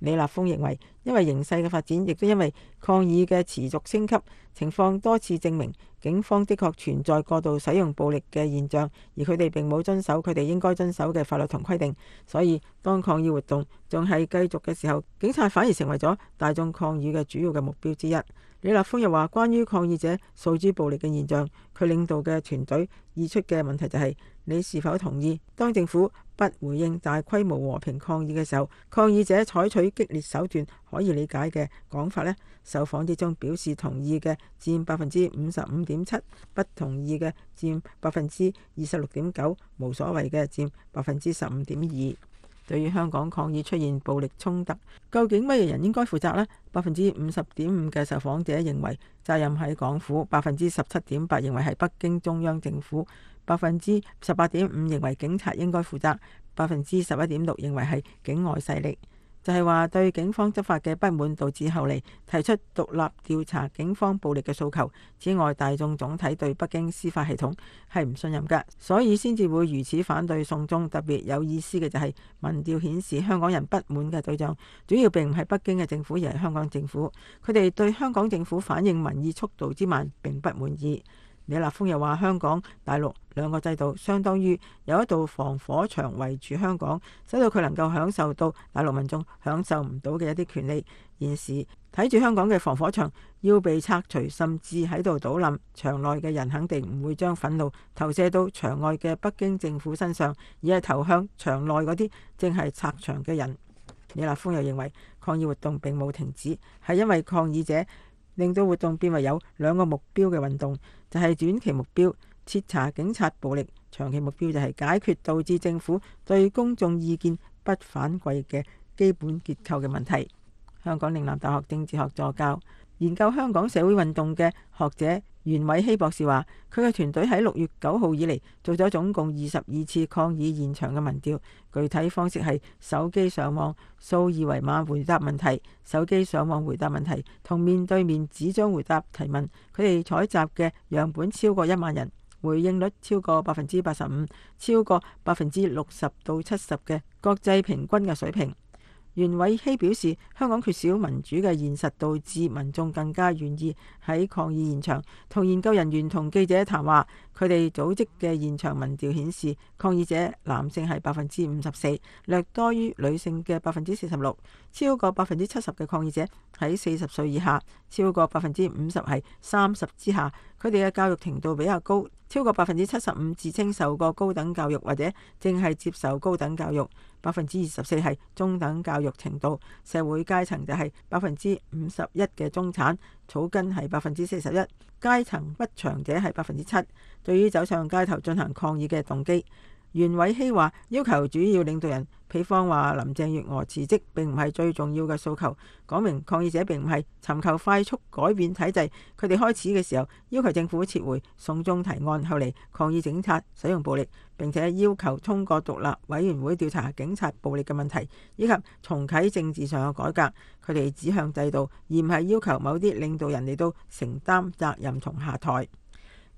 [SPEAKER 2] 李立峰認為，因為形勢嘅發展，亦都因為抗議嘅持續升級情況，多次證明警方的確存在過度使用暴力嘅現象，而佢哋並冇遵守佢哋應該遵守嘅法律同規定。所以當抗議活動仲係繼續嘅時候，警察反而成為咗大眾抗議嘅主要嘅目標之一。李立峰又話，關於抗議者訴諸暴力嘅現象，佢領導嘅團隊議出嘅問題就係、是，你是否同意當政府不回應大規模和平抗議嘅時候，抗議者採取激烈手段可以理解嘅講法呢？受訪之中，表示同意嘅佔百分之五十五點七，不同意嘅佔百分之二十六點九，無所謂嘅佔百分之十五點二。對於香港抗議出現暴力衝突，究竟乜嘢人應該負責呢？百分之五十點五嘅受訪者認為責任喺港府，百分之十七點八認為係北京中央政府，百分之十八點五認為警察應該負責，百分之十一點六認為係境外勢力。就係話對警方執法嘅不滿導致後嚟提出獨立調查警方暴力嘅訴求。此外，大眾總體對北京司法系統係唔信任㗎，所以先至會如此反對送中。特別有意思嘅就係民調顯示香港人不滿嘅對象，主要並唔係北京嘅政府，而係香港政府。佢哋對香港政府反映民意速度之慢並不滿意。李立峰又話：香港、大陸兩個制度相當於有一道防火牆圍住香港，使到佢能夠享受到大陸民眾享受唔到嘅一啲權利。現時睇住香港嘅防火牆要被拆除，甚至喺度倒冧，牆內嘅人肯定唔會將憤怒投射到牆外嘅北京政府身上，而係投向牆內嗰啲正係拆牆嘅人。李立峰又認為抗議活動並冇停止，係因為抗議者。令到活動變為有兩個目標嘅運動，就係、是、短期目標，徹查警察暴力，長期目標就係解決導致政府對公眾意見不反饋嘅基本結構嘅問題。香港嶺南大學政治學助教。研究香港社會運動嘅學者袁偉希博士話，佢嘅團隊喺六月九號以嚟做咗總共二十二次抗議現場嘅民調，具體方式係手機上網掃二維碼回答問題、手機上網回答問題同面對面紙張回答提問。佢哋採集嘅樣本超過一萬人，回應率超過百分之八十五，超過百分之六十到七十嘅國際平均嘅水平。袁偉希表示，香港缺少民主嘅現實，導致民眾更加願意喺抗議現場同研究人員同記者談話。佢哋組織嘅現場民調顯示，抗議者男性係百分之五十四，略多於女性嘅百分之四十六。超過百分之七十嘅抗議者喺四十歲以下，超過百分之五十係三十之下。佢哋嘅教育程度比較高，超過百分之七十五自稱受過高等教育或者正係接受高等教育，百分之二十四係中等教育程度。社會階層就係百分之五十一嘅中產。草根係百分之四十一，階層不詳者係百分之七。對於走上街頭進行抗議嘅動機，袁偉希話，要求主要領導人。比方話林鄭月娥辭職，並唔係最重要嘅訴求，講明抗議者並唔係尋求快速改變體制。佢哋開始嘅時候要求政府撤回送中提案，後嚟抗議警察使用暴力，並且要求通過獨立委員會調查警察暴力嘅問題，以及重啟政治上嘅改革。佢哋指向制度，而唔係要求某啲領導人嚟到承擔責任同下台。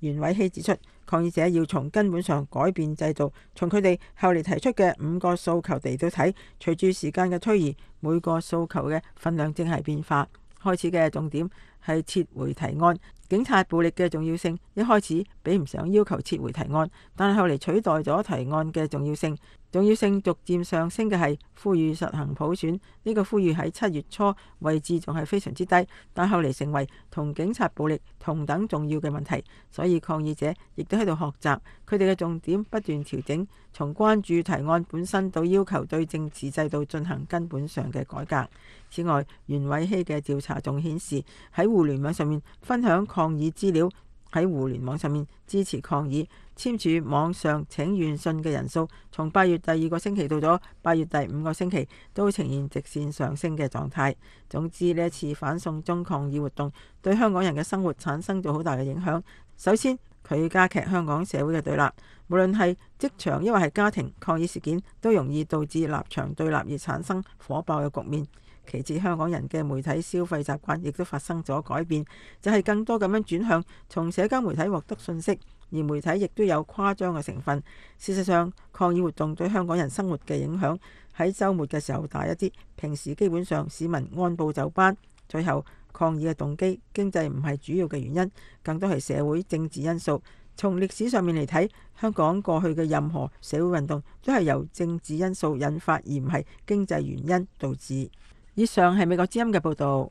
[SPEAKER 2] 袁偉希指出，抗議者要從根本上改變制度。從佢哋後嚟提出嘅五個訴求地度睇，隨住時間嘅推移，每個訴求嘅份量正係變化。開始嘅重點係撤回提案。警察暴力嘅重要性一開始比唔上要求撤回提案，但係後嚟取代咗提案嘅重要性。重要性逐漸上升嘅係呼籲實行普選。呢個呼籲喺七月初位置仲係非常之低，但後嚟成為同警察暴力同等重要嘅問題。所以抗議者亦都喺度學習，佢哋嘅重點不斷調整，從關注提案本身到要求對政治制度進行根本上嘅改革。此外，袁偉希嘅調查仲顯示喺互聯網上面分享。抗議資料喺互聯網上面支持抗議，簽署網上請願信嘅人數，從八月第二個星期到咗八月第五個星期，都呈現直線上升嘅狀態。總之呢次反送中抗議活動，對香港人嘅生活產生咗好大嘅影響。首先，佢加劇香港社會嘅對立，無論係職場抑或係家庭抗議事件，都容易導致立場對立而產生火爆嘅局面。其次，香港人嘅媒體消費習慣亦都發生咗改變，就係更多咁樣轉向從社交媒體獲得信息，而媒體亦都有誇張嘅成分。事實上，抗議活動對香港人生活嘅影響喺週末嘅時候大一啲，平時基本上市民按部就班。最後，抗議嘅動機經濟唔係主要嘅原因，更多係社會政治因素。從歷史上面嚟睇，香港過去嘅任何社會運動都係由政治因素引發，而唔係經濟原因導致。以上係美國之音嘅報道。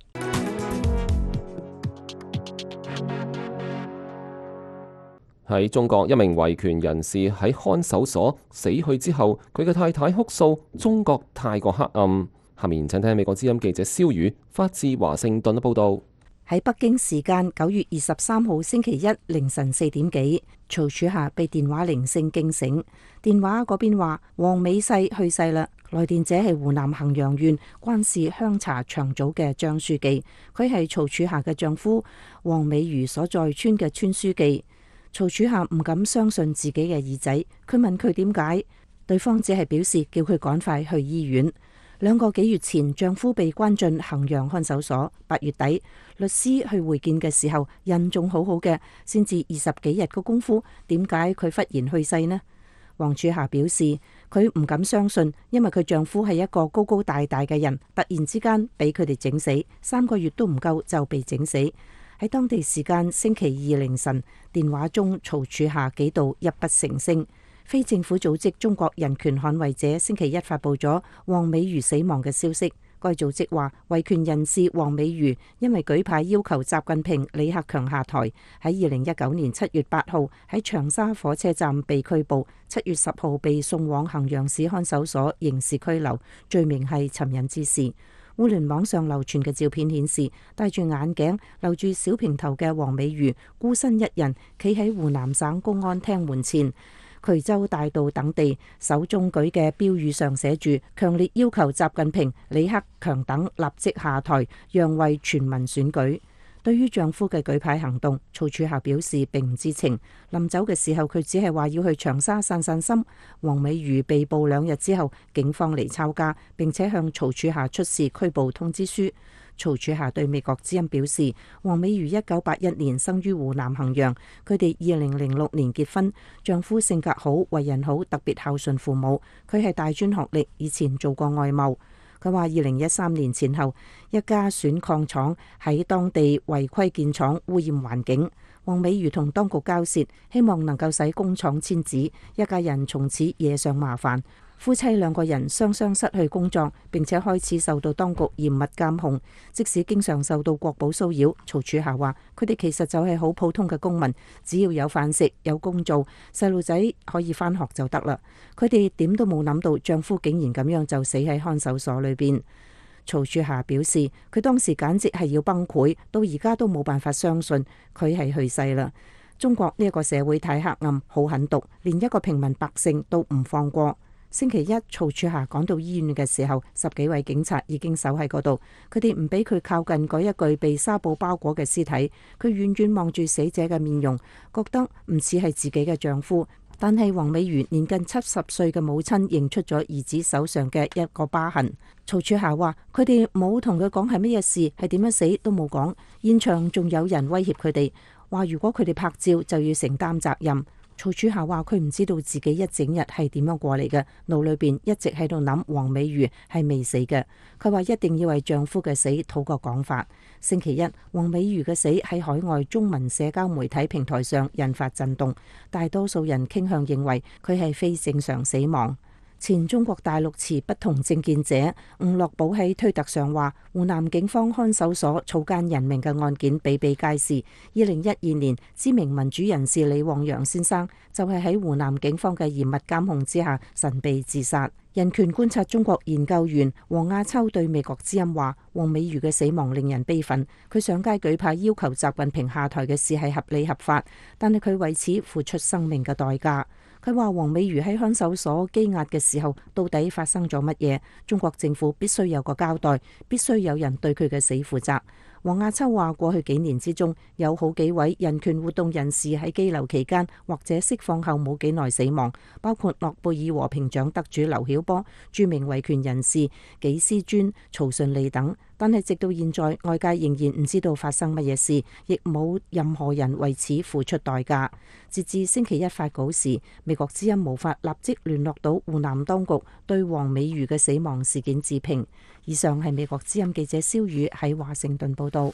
[SPEAKER 1] 喺中國，一名維權人士喺看守所死去之後，佢嘅太太哭訴：中國太過黑暗。下面請聽美國之音記者蕭雨發自華盛頓嘅報道。
[SPEAKER 5] 喺北京時間九月二十三號星期一凌晨四點幾，曹柱下被電話鈴聲驚醒，電話嗰邊話：黃美世去世啦。來電者係湖南衡陽縣關市鄉茶場組嘅張書記，佢係曹柱霞嘅丈夫黃美瑜所在村嘅村書記。曹柱霞唔敢相信自己嘅耳仔，佢問佢點解，對方只係表示叫佢趕快去醫院。兩個幾月前，丈夫被關進衡陽看守所。八月底，律師去會見嘅時候，人仲好好嘅，先至二十幾日嘅功夫，點解佢忽然去世呢？王柱霞表示，佢唔敢相信，因為佢丈夫係一個高高大大嘅人，突然之間俾佢哋整死，三個月都唔夠就被整死。喺當地時間星期二凌晨，電話中曹柱霞幾度泣不成聲。非政府組織中國人權捍衛者星期一發布咗王美如死亡嘅消息。該組織話，維權人士黃美瑜因為舉牌要求習近平、李克強下台，喺二零一九年七月八號喺長沙火車站被拘捕，七月十號被送往衡陽市看守所刑事拘留，罪名係尋釁滋事。互聯網上流傳嘅照片顯示，戴住眼鏡、留住小平頭嘅黃美瑜孤身一人，企喺湖南省公安廳門前。衢州大道等地手中舉嘅標語上寫住強烈要求習近平、李克強等立即下台，讓位全民選舉。對於丈夫嘅舉牌行動，曹柱霞表示並唔知情。臨走嘅時候，佢只係話要去長沙散散心。黃美瑜被捕兩日之後，警方嚟抄家，並且向曹柱霞出示拘捕通知書。曹柱霞對美國之音表示：王美如一九八一年生於湖南衡陽，佢哋二零零六年結婚，丈夫性格好，為人好，特別孝順父母。佢係大專學歷，以前做過外貿。佢話二零一三年前後，一家選礦廠喺當地違規建廠，污染環境。王美如同當局交涉，希望能夠使工廠遷址，一家人從此惹上麻煩。夫妻兩個人雙雙失去工作，並且開始受到當局嚴密監控。即使經常受到國保騷擾，曹柱霞話：佢哋其實就係好普通嘅公民，只要有飯食、有工做，細路仔可以翻學就得啦。佢哋點都冇諗到丈夫竟然咁樣就死喺看守所裏邊。曹柱霞表示，佢當時簡直係要崩潰，到而家都冇辦法相信佢係去世啦。中國呢個社會太黑暗、好狠毒，連一個平民百姓都唔放過。星期一，曹柱霞趕到醫院嘅時候，十幾位警察已經守喺嗰度，佢哋唔俾佢靠近嗰一具被紗布包裹嘅屍體。佢遠遠望住死者嘅面容，覺得唔似係自己嘅丈夫。但係黃美如年近七十歲嘅母親認出咗兒子手上嘅一個疤痕。曹柱霞話：佢哋冇同佢講係乜嘢事，係點樣死都冇講。現場仲有人威脅佢哋，話如果佢哋拍照就要承擔責任。曹柱霞話：佢唔知道自己一整日係點樣過嚟嘅，腦裏邊一直喺度諗黃美瑜係未死嘅。佢話一定要為丈夫嘅死討個講法。星期一，黃美瑜嘅死喺海外中文社交媒體平台上引發震動，大多數人傾向認為佢係非正常死亡。前中國大陸持不同政見者吳樂寶喺推特上話：湖南警方看守所草菅人命嘅案件比比皆是。二零一二年，知名民主人士李旺陽先生就係喺湖南警方嘅嚴密監控之下神秘自殺。人權觀察中國研究員黃亞秋對美國之音話：黃美瑜嘅死亡令人悲憤。佢上街舉牌要求習近平下台嘅事係合理合法，但係佢為此付出生命嘅代價。佢話：黃美瑜喺看守所羈押嘅時候，到底發生咗乜嘢？中國政府必須有個交代，必須有人對佢嘅死負責。王亞秋話：過去幾年之中，有好幾位人權活動人士喺羈留期間或者釋放後冇幾耐死亡，包括諾貝爾和平獎得主劉曉波、著名維權人士紀思尊、曹順利等。但係直到現在，外界仍然唔知道發生乜嘢事，亦冇任何人為此付出代價。截至星期一發稿時，美國之音無法立即聯絡到湖南當局對黃美瑜嘅死亡事件置評。以上係美國之音記者蕭宇喺華盛頓報道。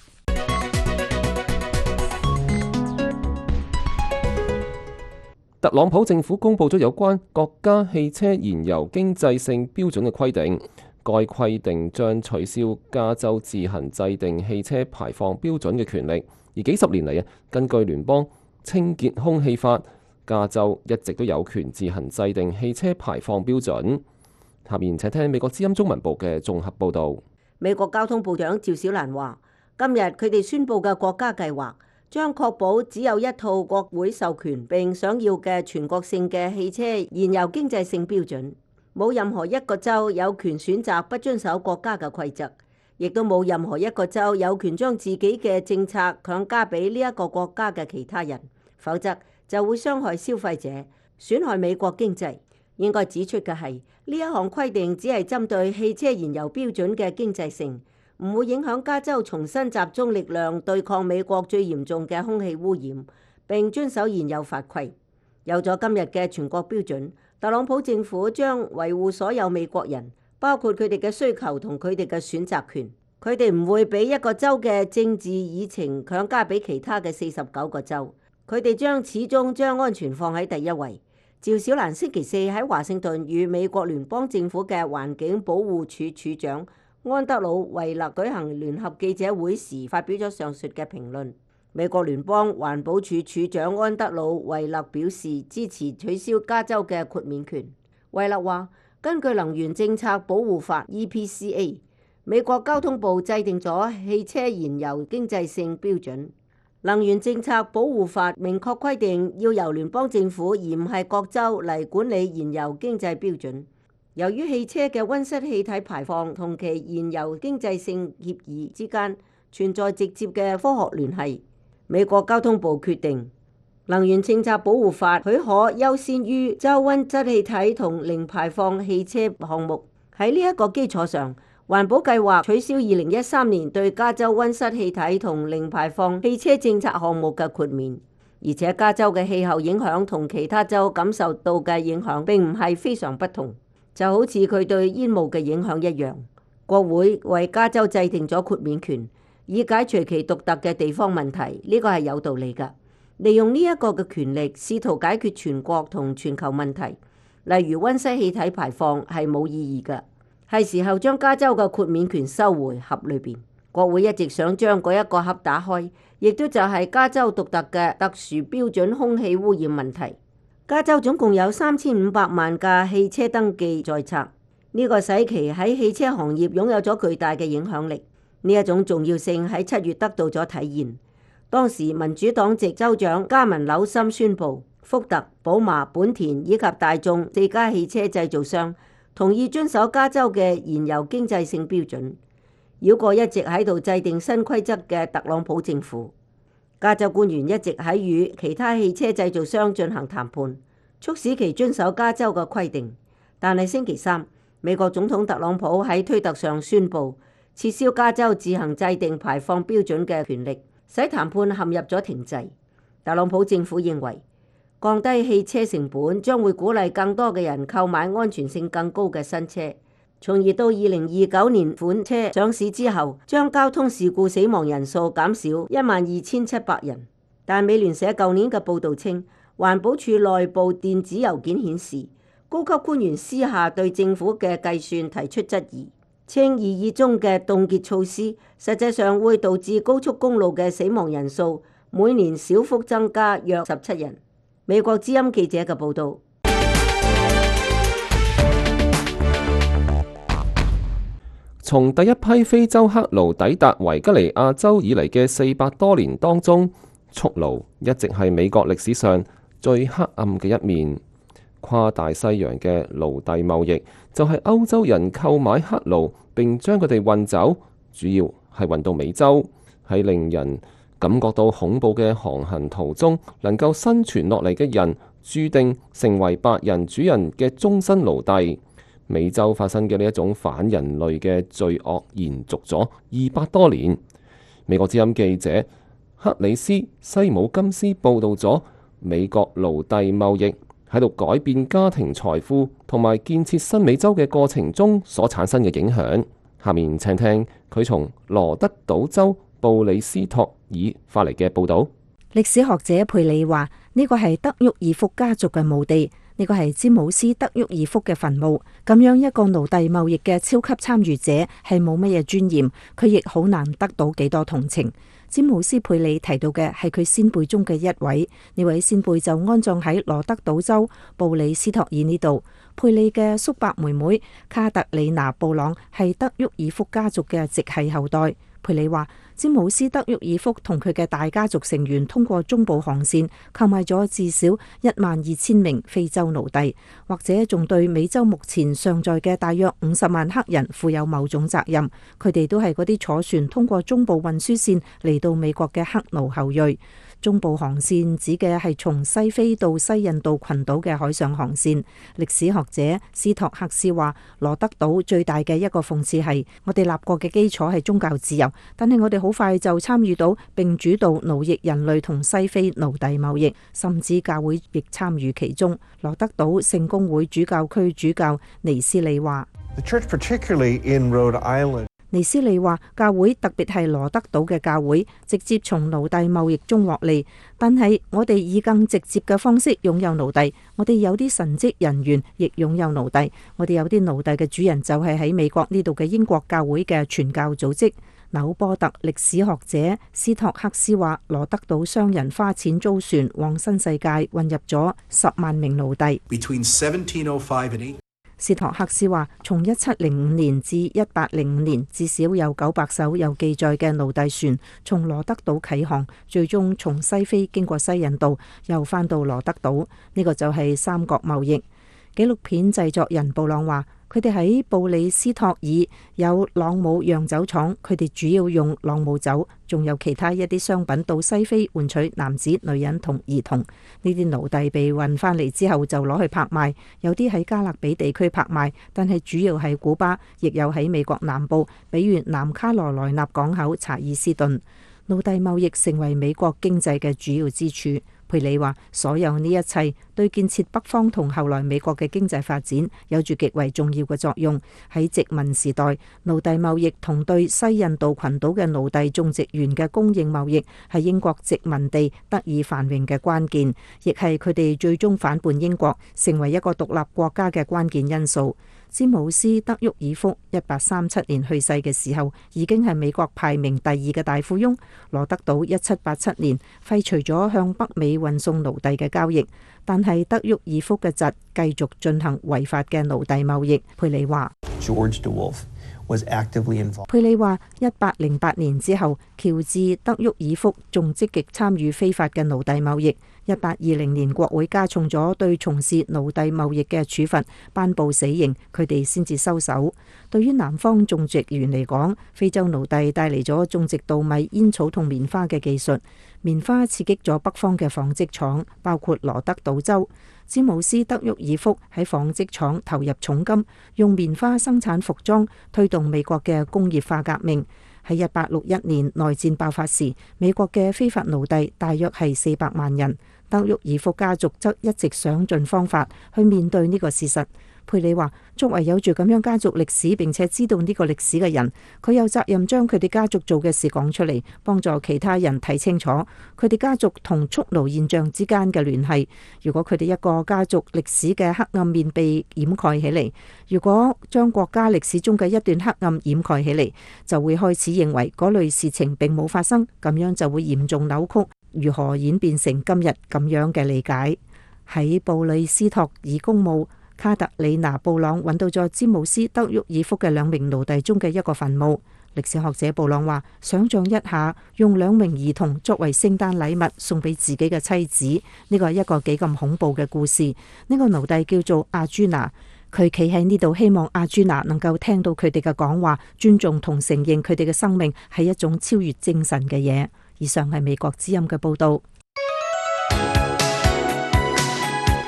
[SPEAKER 1] 特朗普政府公布咗有關國家汽車燃油經濟性標準嘅規定。該規定將取消加州自行制定汽車排放標準嘅權力，而幾十年嚟啊，根據聯邦清潔空氣法，加州一直都有權自行制定汽車排放標準。下面請聽美國之音中文部嘅綜合報導。
[SPEAKER 6] 美國交通部長趙小蘭話：今日佢哋宣布嘅國家計劃，將確保只有一套國會授權並想要嘅全國性嘅汽車燃油經濟性標準。冇任何一個州有權選擇不遵守國家嘅規則，亦都冇任何一個州有權將自己嘅政策強加俾呢一個國家嘅其他人，否則就會傷害消費者、損害美國經濟。應該指出嘅係，呢一項規定只係針對汽車燃油標準嘅經濟性，唔會影響加州重新集中力量對抗美國最嚴重嘅空氣污染，並遵守燃油法規。有咗今日嘅全國標準。特朗普政府將維護所有美國人，包括佢哋嘅需求同佢哋嘅選擇權。佢哋唔會俾一個州嘅政治議程強加俾其他嘅四十九個州。佢哋將始終將安全放喺第一位。趙小蘭星期四喺華盛頓與美國聯邦政府嘅環境保護署署長安德魯·惠勒舉行聯合記者會時，發表咗上述嘅評論。美國聯邦環保署署長安德魯·惠勒表示支持取消加州嘅豁免權。惠勒話：根據能源政策保護法 （EPCA），美國交通部制定咗汽車燃油經濟性標準。能源政策保護法明確規定要由聯邦政府而唔係各州嚟管理燃油經濟標準。由於汽車嘅温室氣體排放同其燃油經濟性協議之間存在直接嘅科學聯繫。美國交通部決定《能源政策保護法》許可優先於加州溫室氣體同零排放汽車項目。喺呢一個基礎上，環保計劃取消二零一三年對加州溫室氣體同零排放汽車政策項目嘅豁免，而且加州嘅氣候影響同其他州感受到嘅影響並唔係非常不同。就好似佢對煙霧嘅影響一樣，國會為加州制定咗豁免權。以解除其獨特嘅地方問題，呢個係有道理㗎。利用呢一個嘅權力，試圖解決全國同全球問題，例如溫室氣體排放係冇意義㗎。係時候將加州嘅豁免權收回盒裏邊。國會一直想將嗰一個盒打開，亦都就係加州獨特嘅特殊標準空氣污染問題。加州總共有三千五百萬架汽車登記在冊，呢個使其喺汽車行業擁有咗巨大嘅影響力。呢一種重要性喺七月得到咗體現。當時民主黨籍州長加文紐森宣布，福特、寶馬、本田以及大眾四家汽車製造商同意遵守加州嘅燃油經濟性標準，繞過一直喺度制定新規則嘅特朗普政府。加州官員一直喺與其他汽車製造商進行談判，促使其遵守加州嘅規定。但係星期三，美國總統特朗普喺推特上宣布。撤銷加州自行制定排放標準嘅權力，使談判陷入咗停滯。特朗普政府認為，降低汽車成本將會鼓勵更多嘅人購買安全性更高嘅新車，從而到二零二九年款車上市之後，將交通事故死亡人數減少一萬二千七百人。但美聯社舊年嘅報道稱，環保署內部電子郵件顯示，高級官員私下對政府嘅計算提出質疑。清意義中嘅凍結措施，實際上會導致高速公路嘅死亡人數每年小幅增加約十七人。美國之音記者嘅報道。
[SPEAKER 1] 從第一批非洲黑奴抵達維吉尼亞州以嚟嘅四百多年當中，蓄奴一直係美國歷史上最黑暗嘅一面。跨大西洋嘅奴隸貿易。就係歐洲人購買黑奴並將佢哋運走，主要係運到美洲，喺令人感覺到恐怖嘅航行途中，能夠生存落嚟嘅人，注定成為白人主人嘅終身奴隸。美洲發生嘅呢一種反人類嘅罪惡，延續咗二百多年。美國之音記者克里斯·西姆金斯報導咗美國奴隸貿易。喺度改變家庭財富同埋建設新美洲嘅過程中所產生嘅影響。下面請聽佢從羅德島州布里斯托爾發嚟嘅報道。
[SPEAKER 5] 歷史學者佩里話：呢個係德沃爾福家族嘅墓地，呢個係詹姆斯德沃爾福嘅墳墓。咁樣一個奴隸貿易嘅超級參與者係冇乜嘢尊嚴，佢亦好難得到幾多同情。詹姆斯·佩里提到嘅係佢先輩中嘅一位，呢位先輩就安葬喺羅德島州布里斯托爾呢度。佩里嘅叔伯妹妹卡特里娜·布朗係德沃爾夫家族嘅直系後代。佩里話。詹姆斯德沃爾福同佢嘅大家族成員通過中部航線購買咗至少一萬二千名非洲奴隸，或者仲對美洲目前尚在嘅大約五十萬黑人負有某種責任。佢哋都係嗰啲坐船通過中部運輸線嚟到美國嘅黑奴後裔。中部航線指嘅係從西非到西印度群島嘅海上航線。歷史學者斯托克斯話：羅德島最大嘅一個諷刺係，我哋立國嘅基礎係宗教自由，但係我哋好快就參與到並主導奴役人類同西非奴隸貿易，甚至教會亦參與其中。羅德島聖公會主教區主教尼斯利話：尼斯利話：教會特別係羅德島嘅教會，直接從奴隸貿易中獲利。但係我哋以更直接嘅方式擁有奴隸。我哋有啲神職人員亦擁有奴隸。我哋有啲奴隸嘅主人就係喺美國呢度嘅英國教會嘅傳教組織。紐波特歷史學者斯托克斯話：羅德島商人花錢租船往新世界，混入咗十萬名奴隸。
[SPEAKER 2] Between 1705 and 8.
[SPEAKER 5] 史托克斯話：從一七零五年至一八零五年，至少有九百艘有記載嘅奴隸船從羅德島啟航，最終從西非經過西印度，又翻到羅德島。呢個就係三角貿易。紀錄片製作人布朗話。佢哋喺布里斯托爾有朗姆釀酒廠，佢哋主要用朗姆酒，仲有其他一啲商品到西非換取男子、女人同兒童。呢啲奴隸被運翻嚟之後就攞去拍賣，有啲喺加勒比地區拍賣，但係主要係古巴，亦有喺美國南部，比如南卡羅來納港口查爾斯頓。奴隸貿易成為美國經濟嘅主要支柱。佩里話：所有呢一切對建設北方同後來美國嘅經濟發展有住極為重要嘅作用。喺殖民時代，奴隸貿易同對西印度群島嘅奴隸種植園嘅供應貿易係英國殖民地得以繁榮嘅關鍵，亦係佢哋最終反叛英國，成為一個獨立國家嘅關鍵因素。詹姆斯德·德沃爾夫一八三七年去世嘅時候，已經係美國排名第二嘅大富翁。羅德島一七八七年廢除咗向北美運送奴隸嘅交易，但係德沃爾夫嘅侄繼續進行違法嘅奴隸貿易。佩里話，George DeWolf was actively involved。佩里話，一八零八年之後喬治·德沃爾夫仲積極參與非法嘅奴隸貿易。一八二零年，國會加重咗對從事奴隸貿易嘅處罰，頒佈死刑，佢哋先至收手。對於南方種植園嚟講，非洲奴隸帶嚟咗種植稻米、煙草同棉花嘅技術。棉花刺激咗北方嘅紡織廠，包括羅德島州。詹姆斯德沃爾福喺紡織廠投入重金，用棉花生產服裝，推動美國嘅工業化革命。喺一八六一年內戰爆發時，美國嘅非法奴隸大約係四百萬人。德沃爾夫家族則一直想盡方法去面對呢個事實。佩里話：作為有住咁樣家族歷史並且知道呢個歷史嘅人，佢有責任將佢哋家族做嘅事講出嚟，幫助其他人睇清楚佢哋家族同蓄奴現象之間嘅聯繫。如果佢哋一個家族歷史嘅黑暗面被掩蓋起嚟，如果將國家歷史中嘅一段黑暗掩蓋起嚟，就會開始認為嗰類事情並冇發生，咁樣就會嚴重扭曲。如何演變成今日咁樣嘅理解？喺布里斯托爾公墓，卡特里娜布朗揾到咗詹姆斯德沃爾夫嘅兩名奴隸中嘅一個墳墓。歷史學者布朗話：想象一下，用兩名兒童作為聖誕禮物送俾自己嘅妻子，呢個係一個幾咁恐怖嘅故事。呢個奴隸叫做阿朱娜，佢企喺呢度，希望阿朱娜能夠聽到佢哋嘅講話，尊重同承認佢哋嘅生命係一種超越精神嘅嘢。以上係美國之音嘅報道。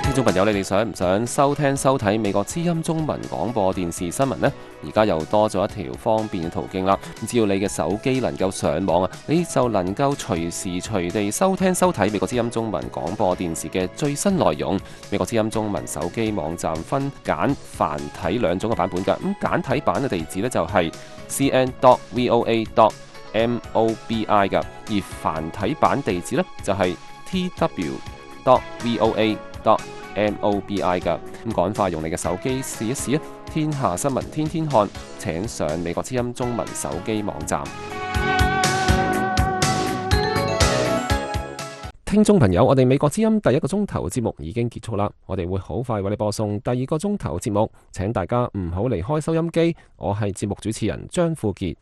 [SPEAKER 1] 聽眾朋友，你哋想唔想收聽收睇美國之音中文廣播電視新聞呢？而家又多咗一條方便嘅途徑啦！只要你嘅手機能夠上網啊，你就能夠隨時隨地收聽收睇美國之音中文廣播電視嘅最新內容。美國之音中文手機網站分簡繁體兩種嘅版本噶，咁、嗯、簡體版嘅地址呢，就係 cn dot voa dot mobi 嘅，而繁體版地址咧就係 t w d o t v o a d o t m o b i 嘅。咁，趕快用你嘅手機試一試啊！天下新聞天天看，請上美國之音中文手機網站。聽眾朋友，我哋美國之音第一個鐘頭嘅節目已經結束啦，我哋會好快為你播送第二個鐘頭嘅節目，請大家唔好離開收音機。我係節目主持人張富杰。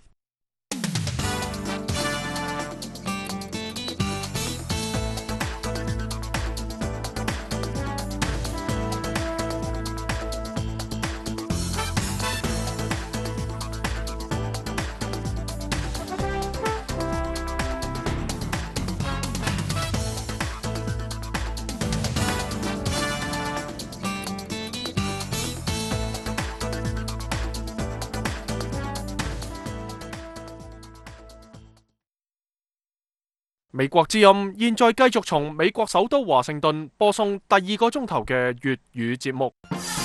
[SPEAKER 1] 美國之音現在繼續從美國首都華盛頓播送第二個鐘頭嘅粵語節目。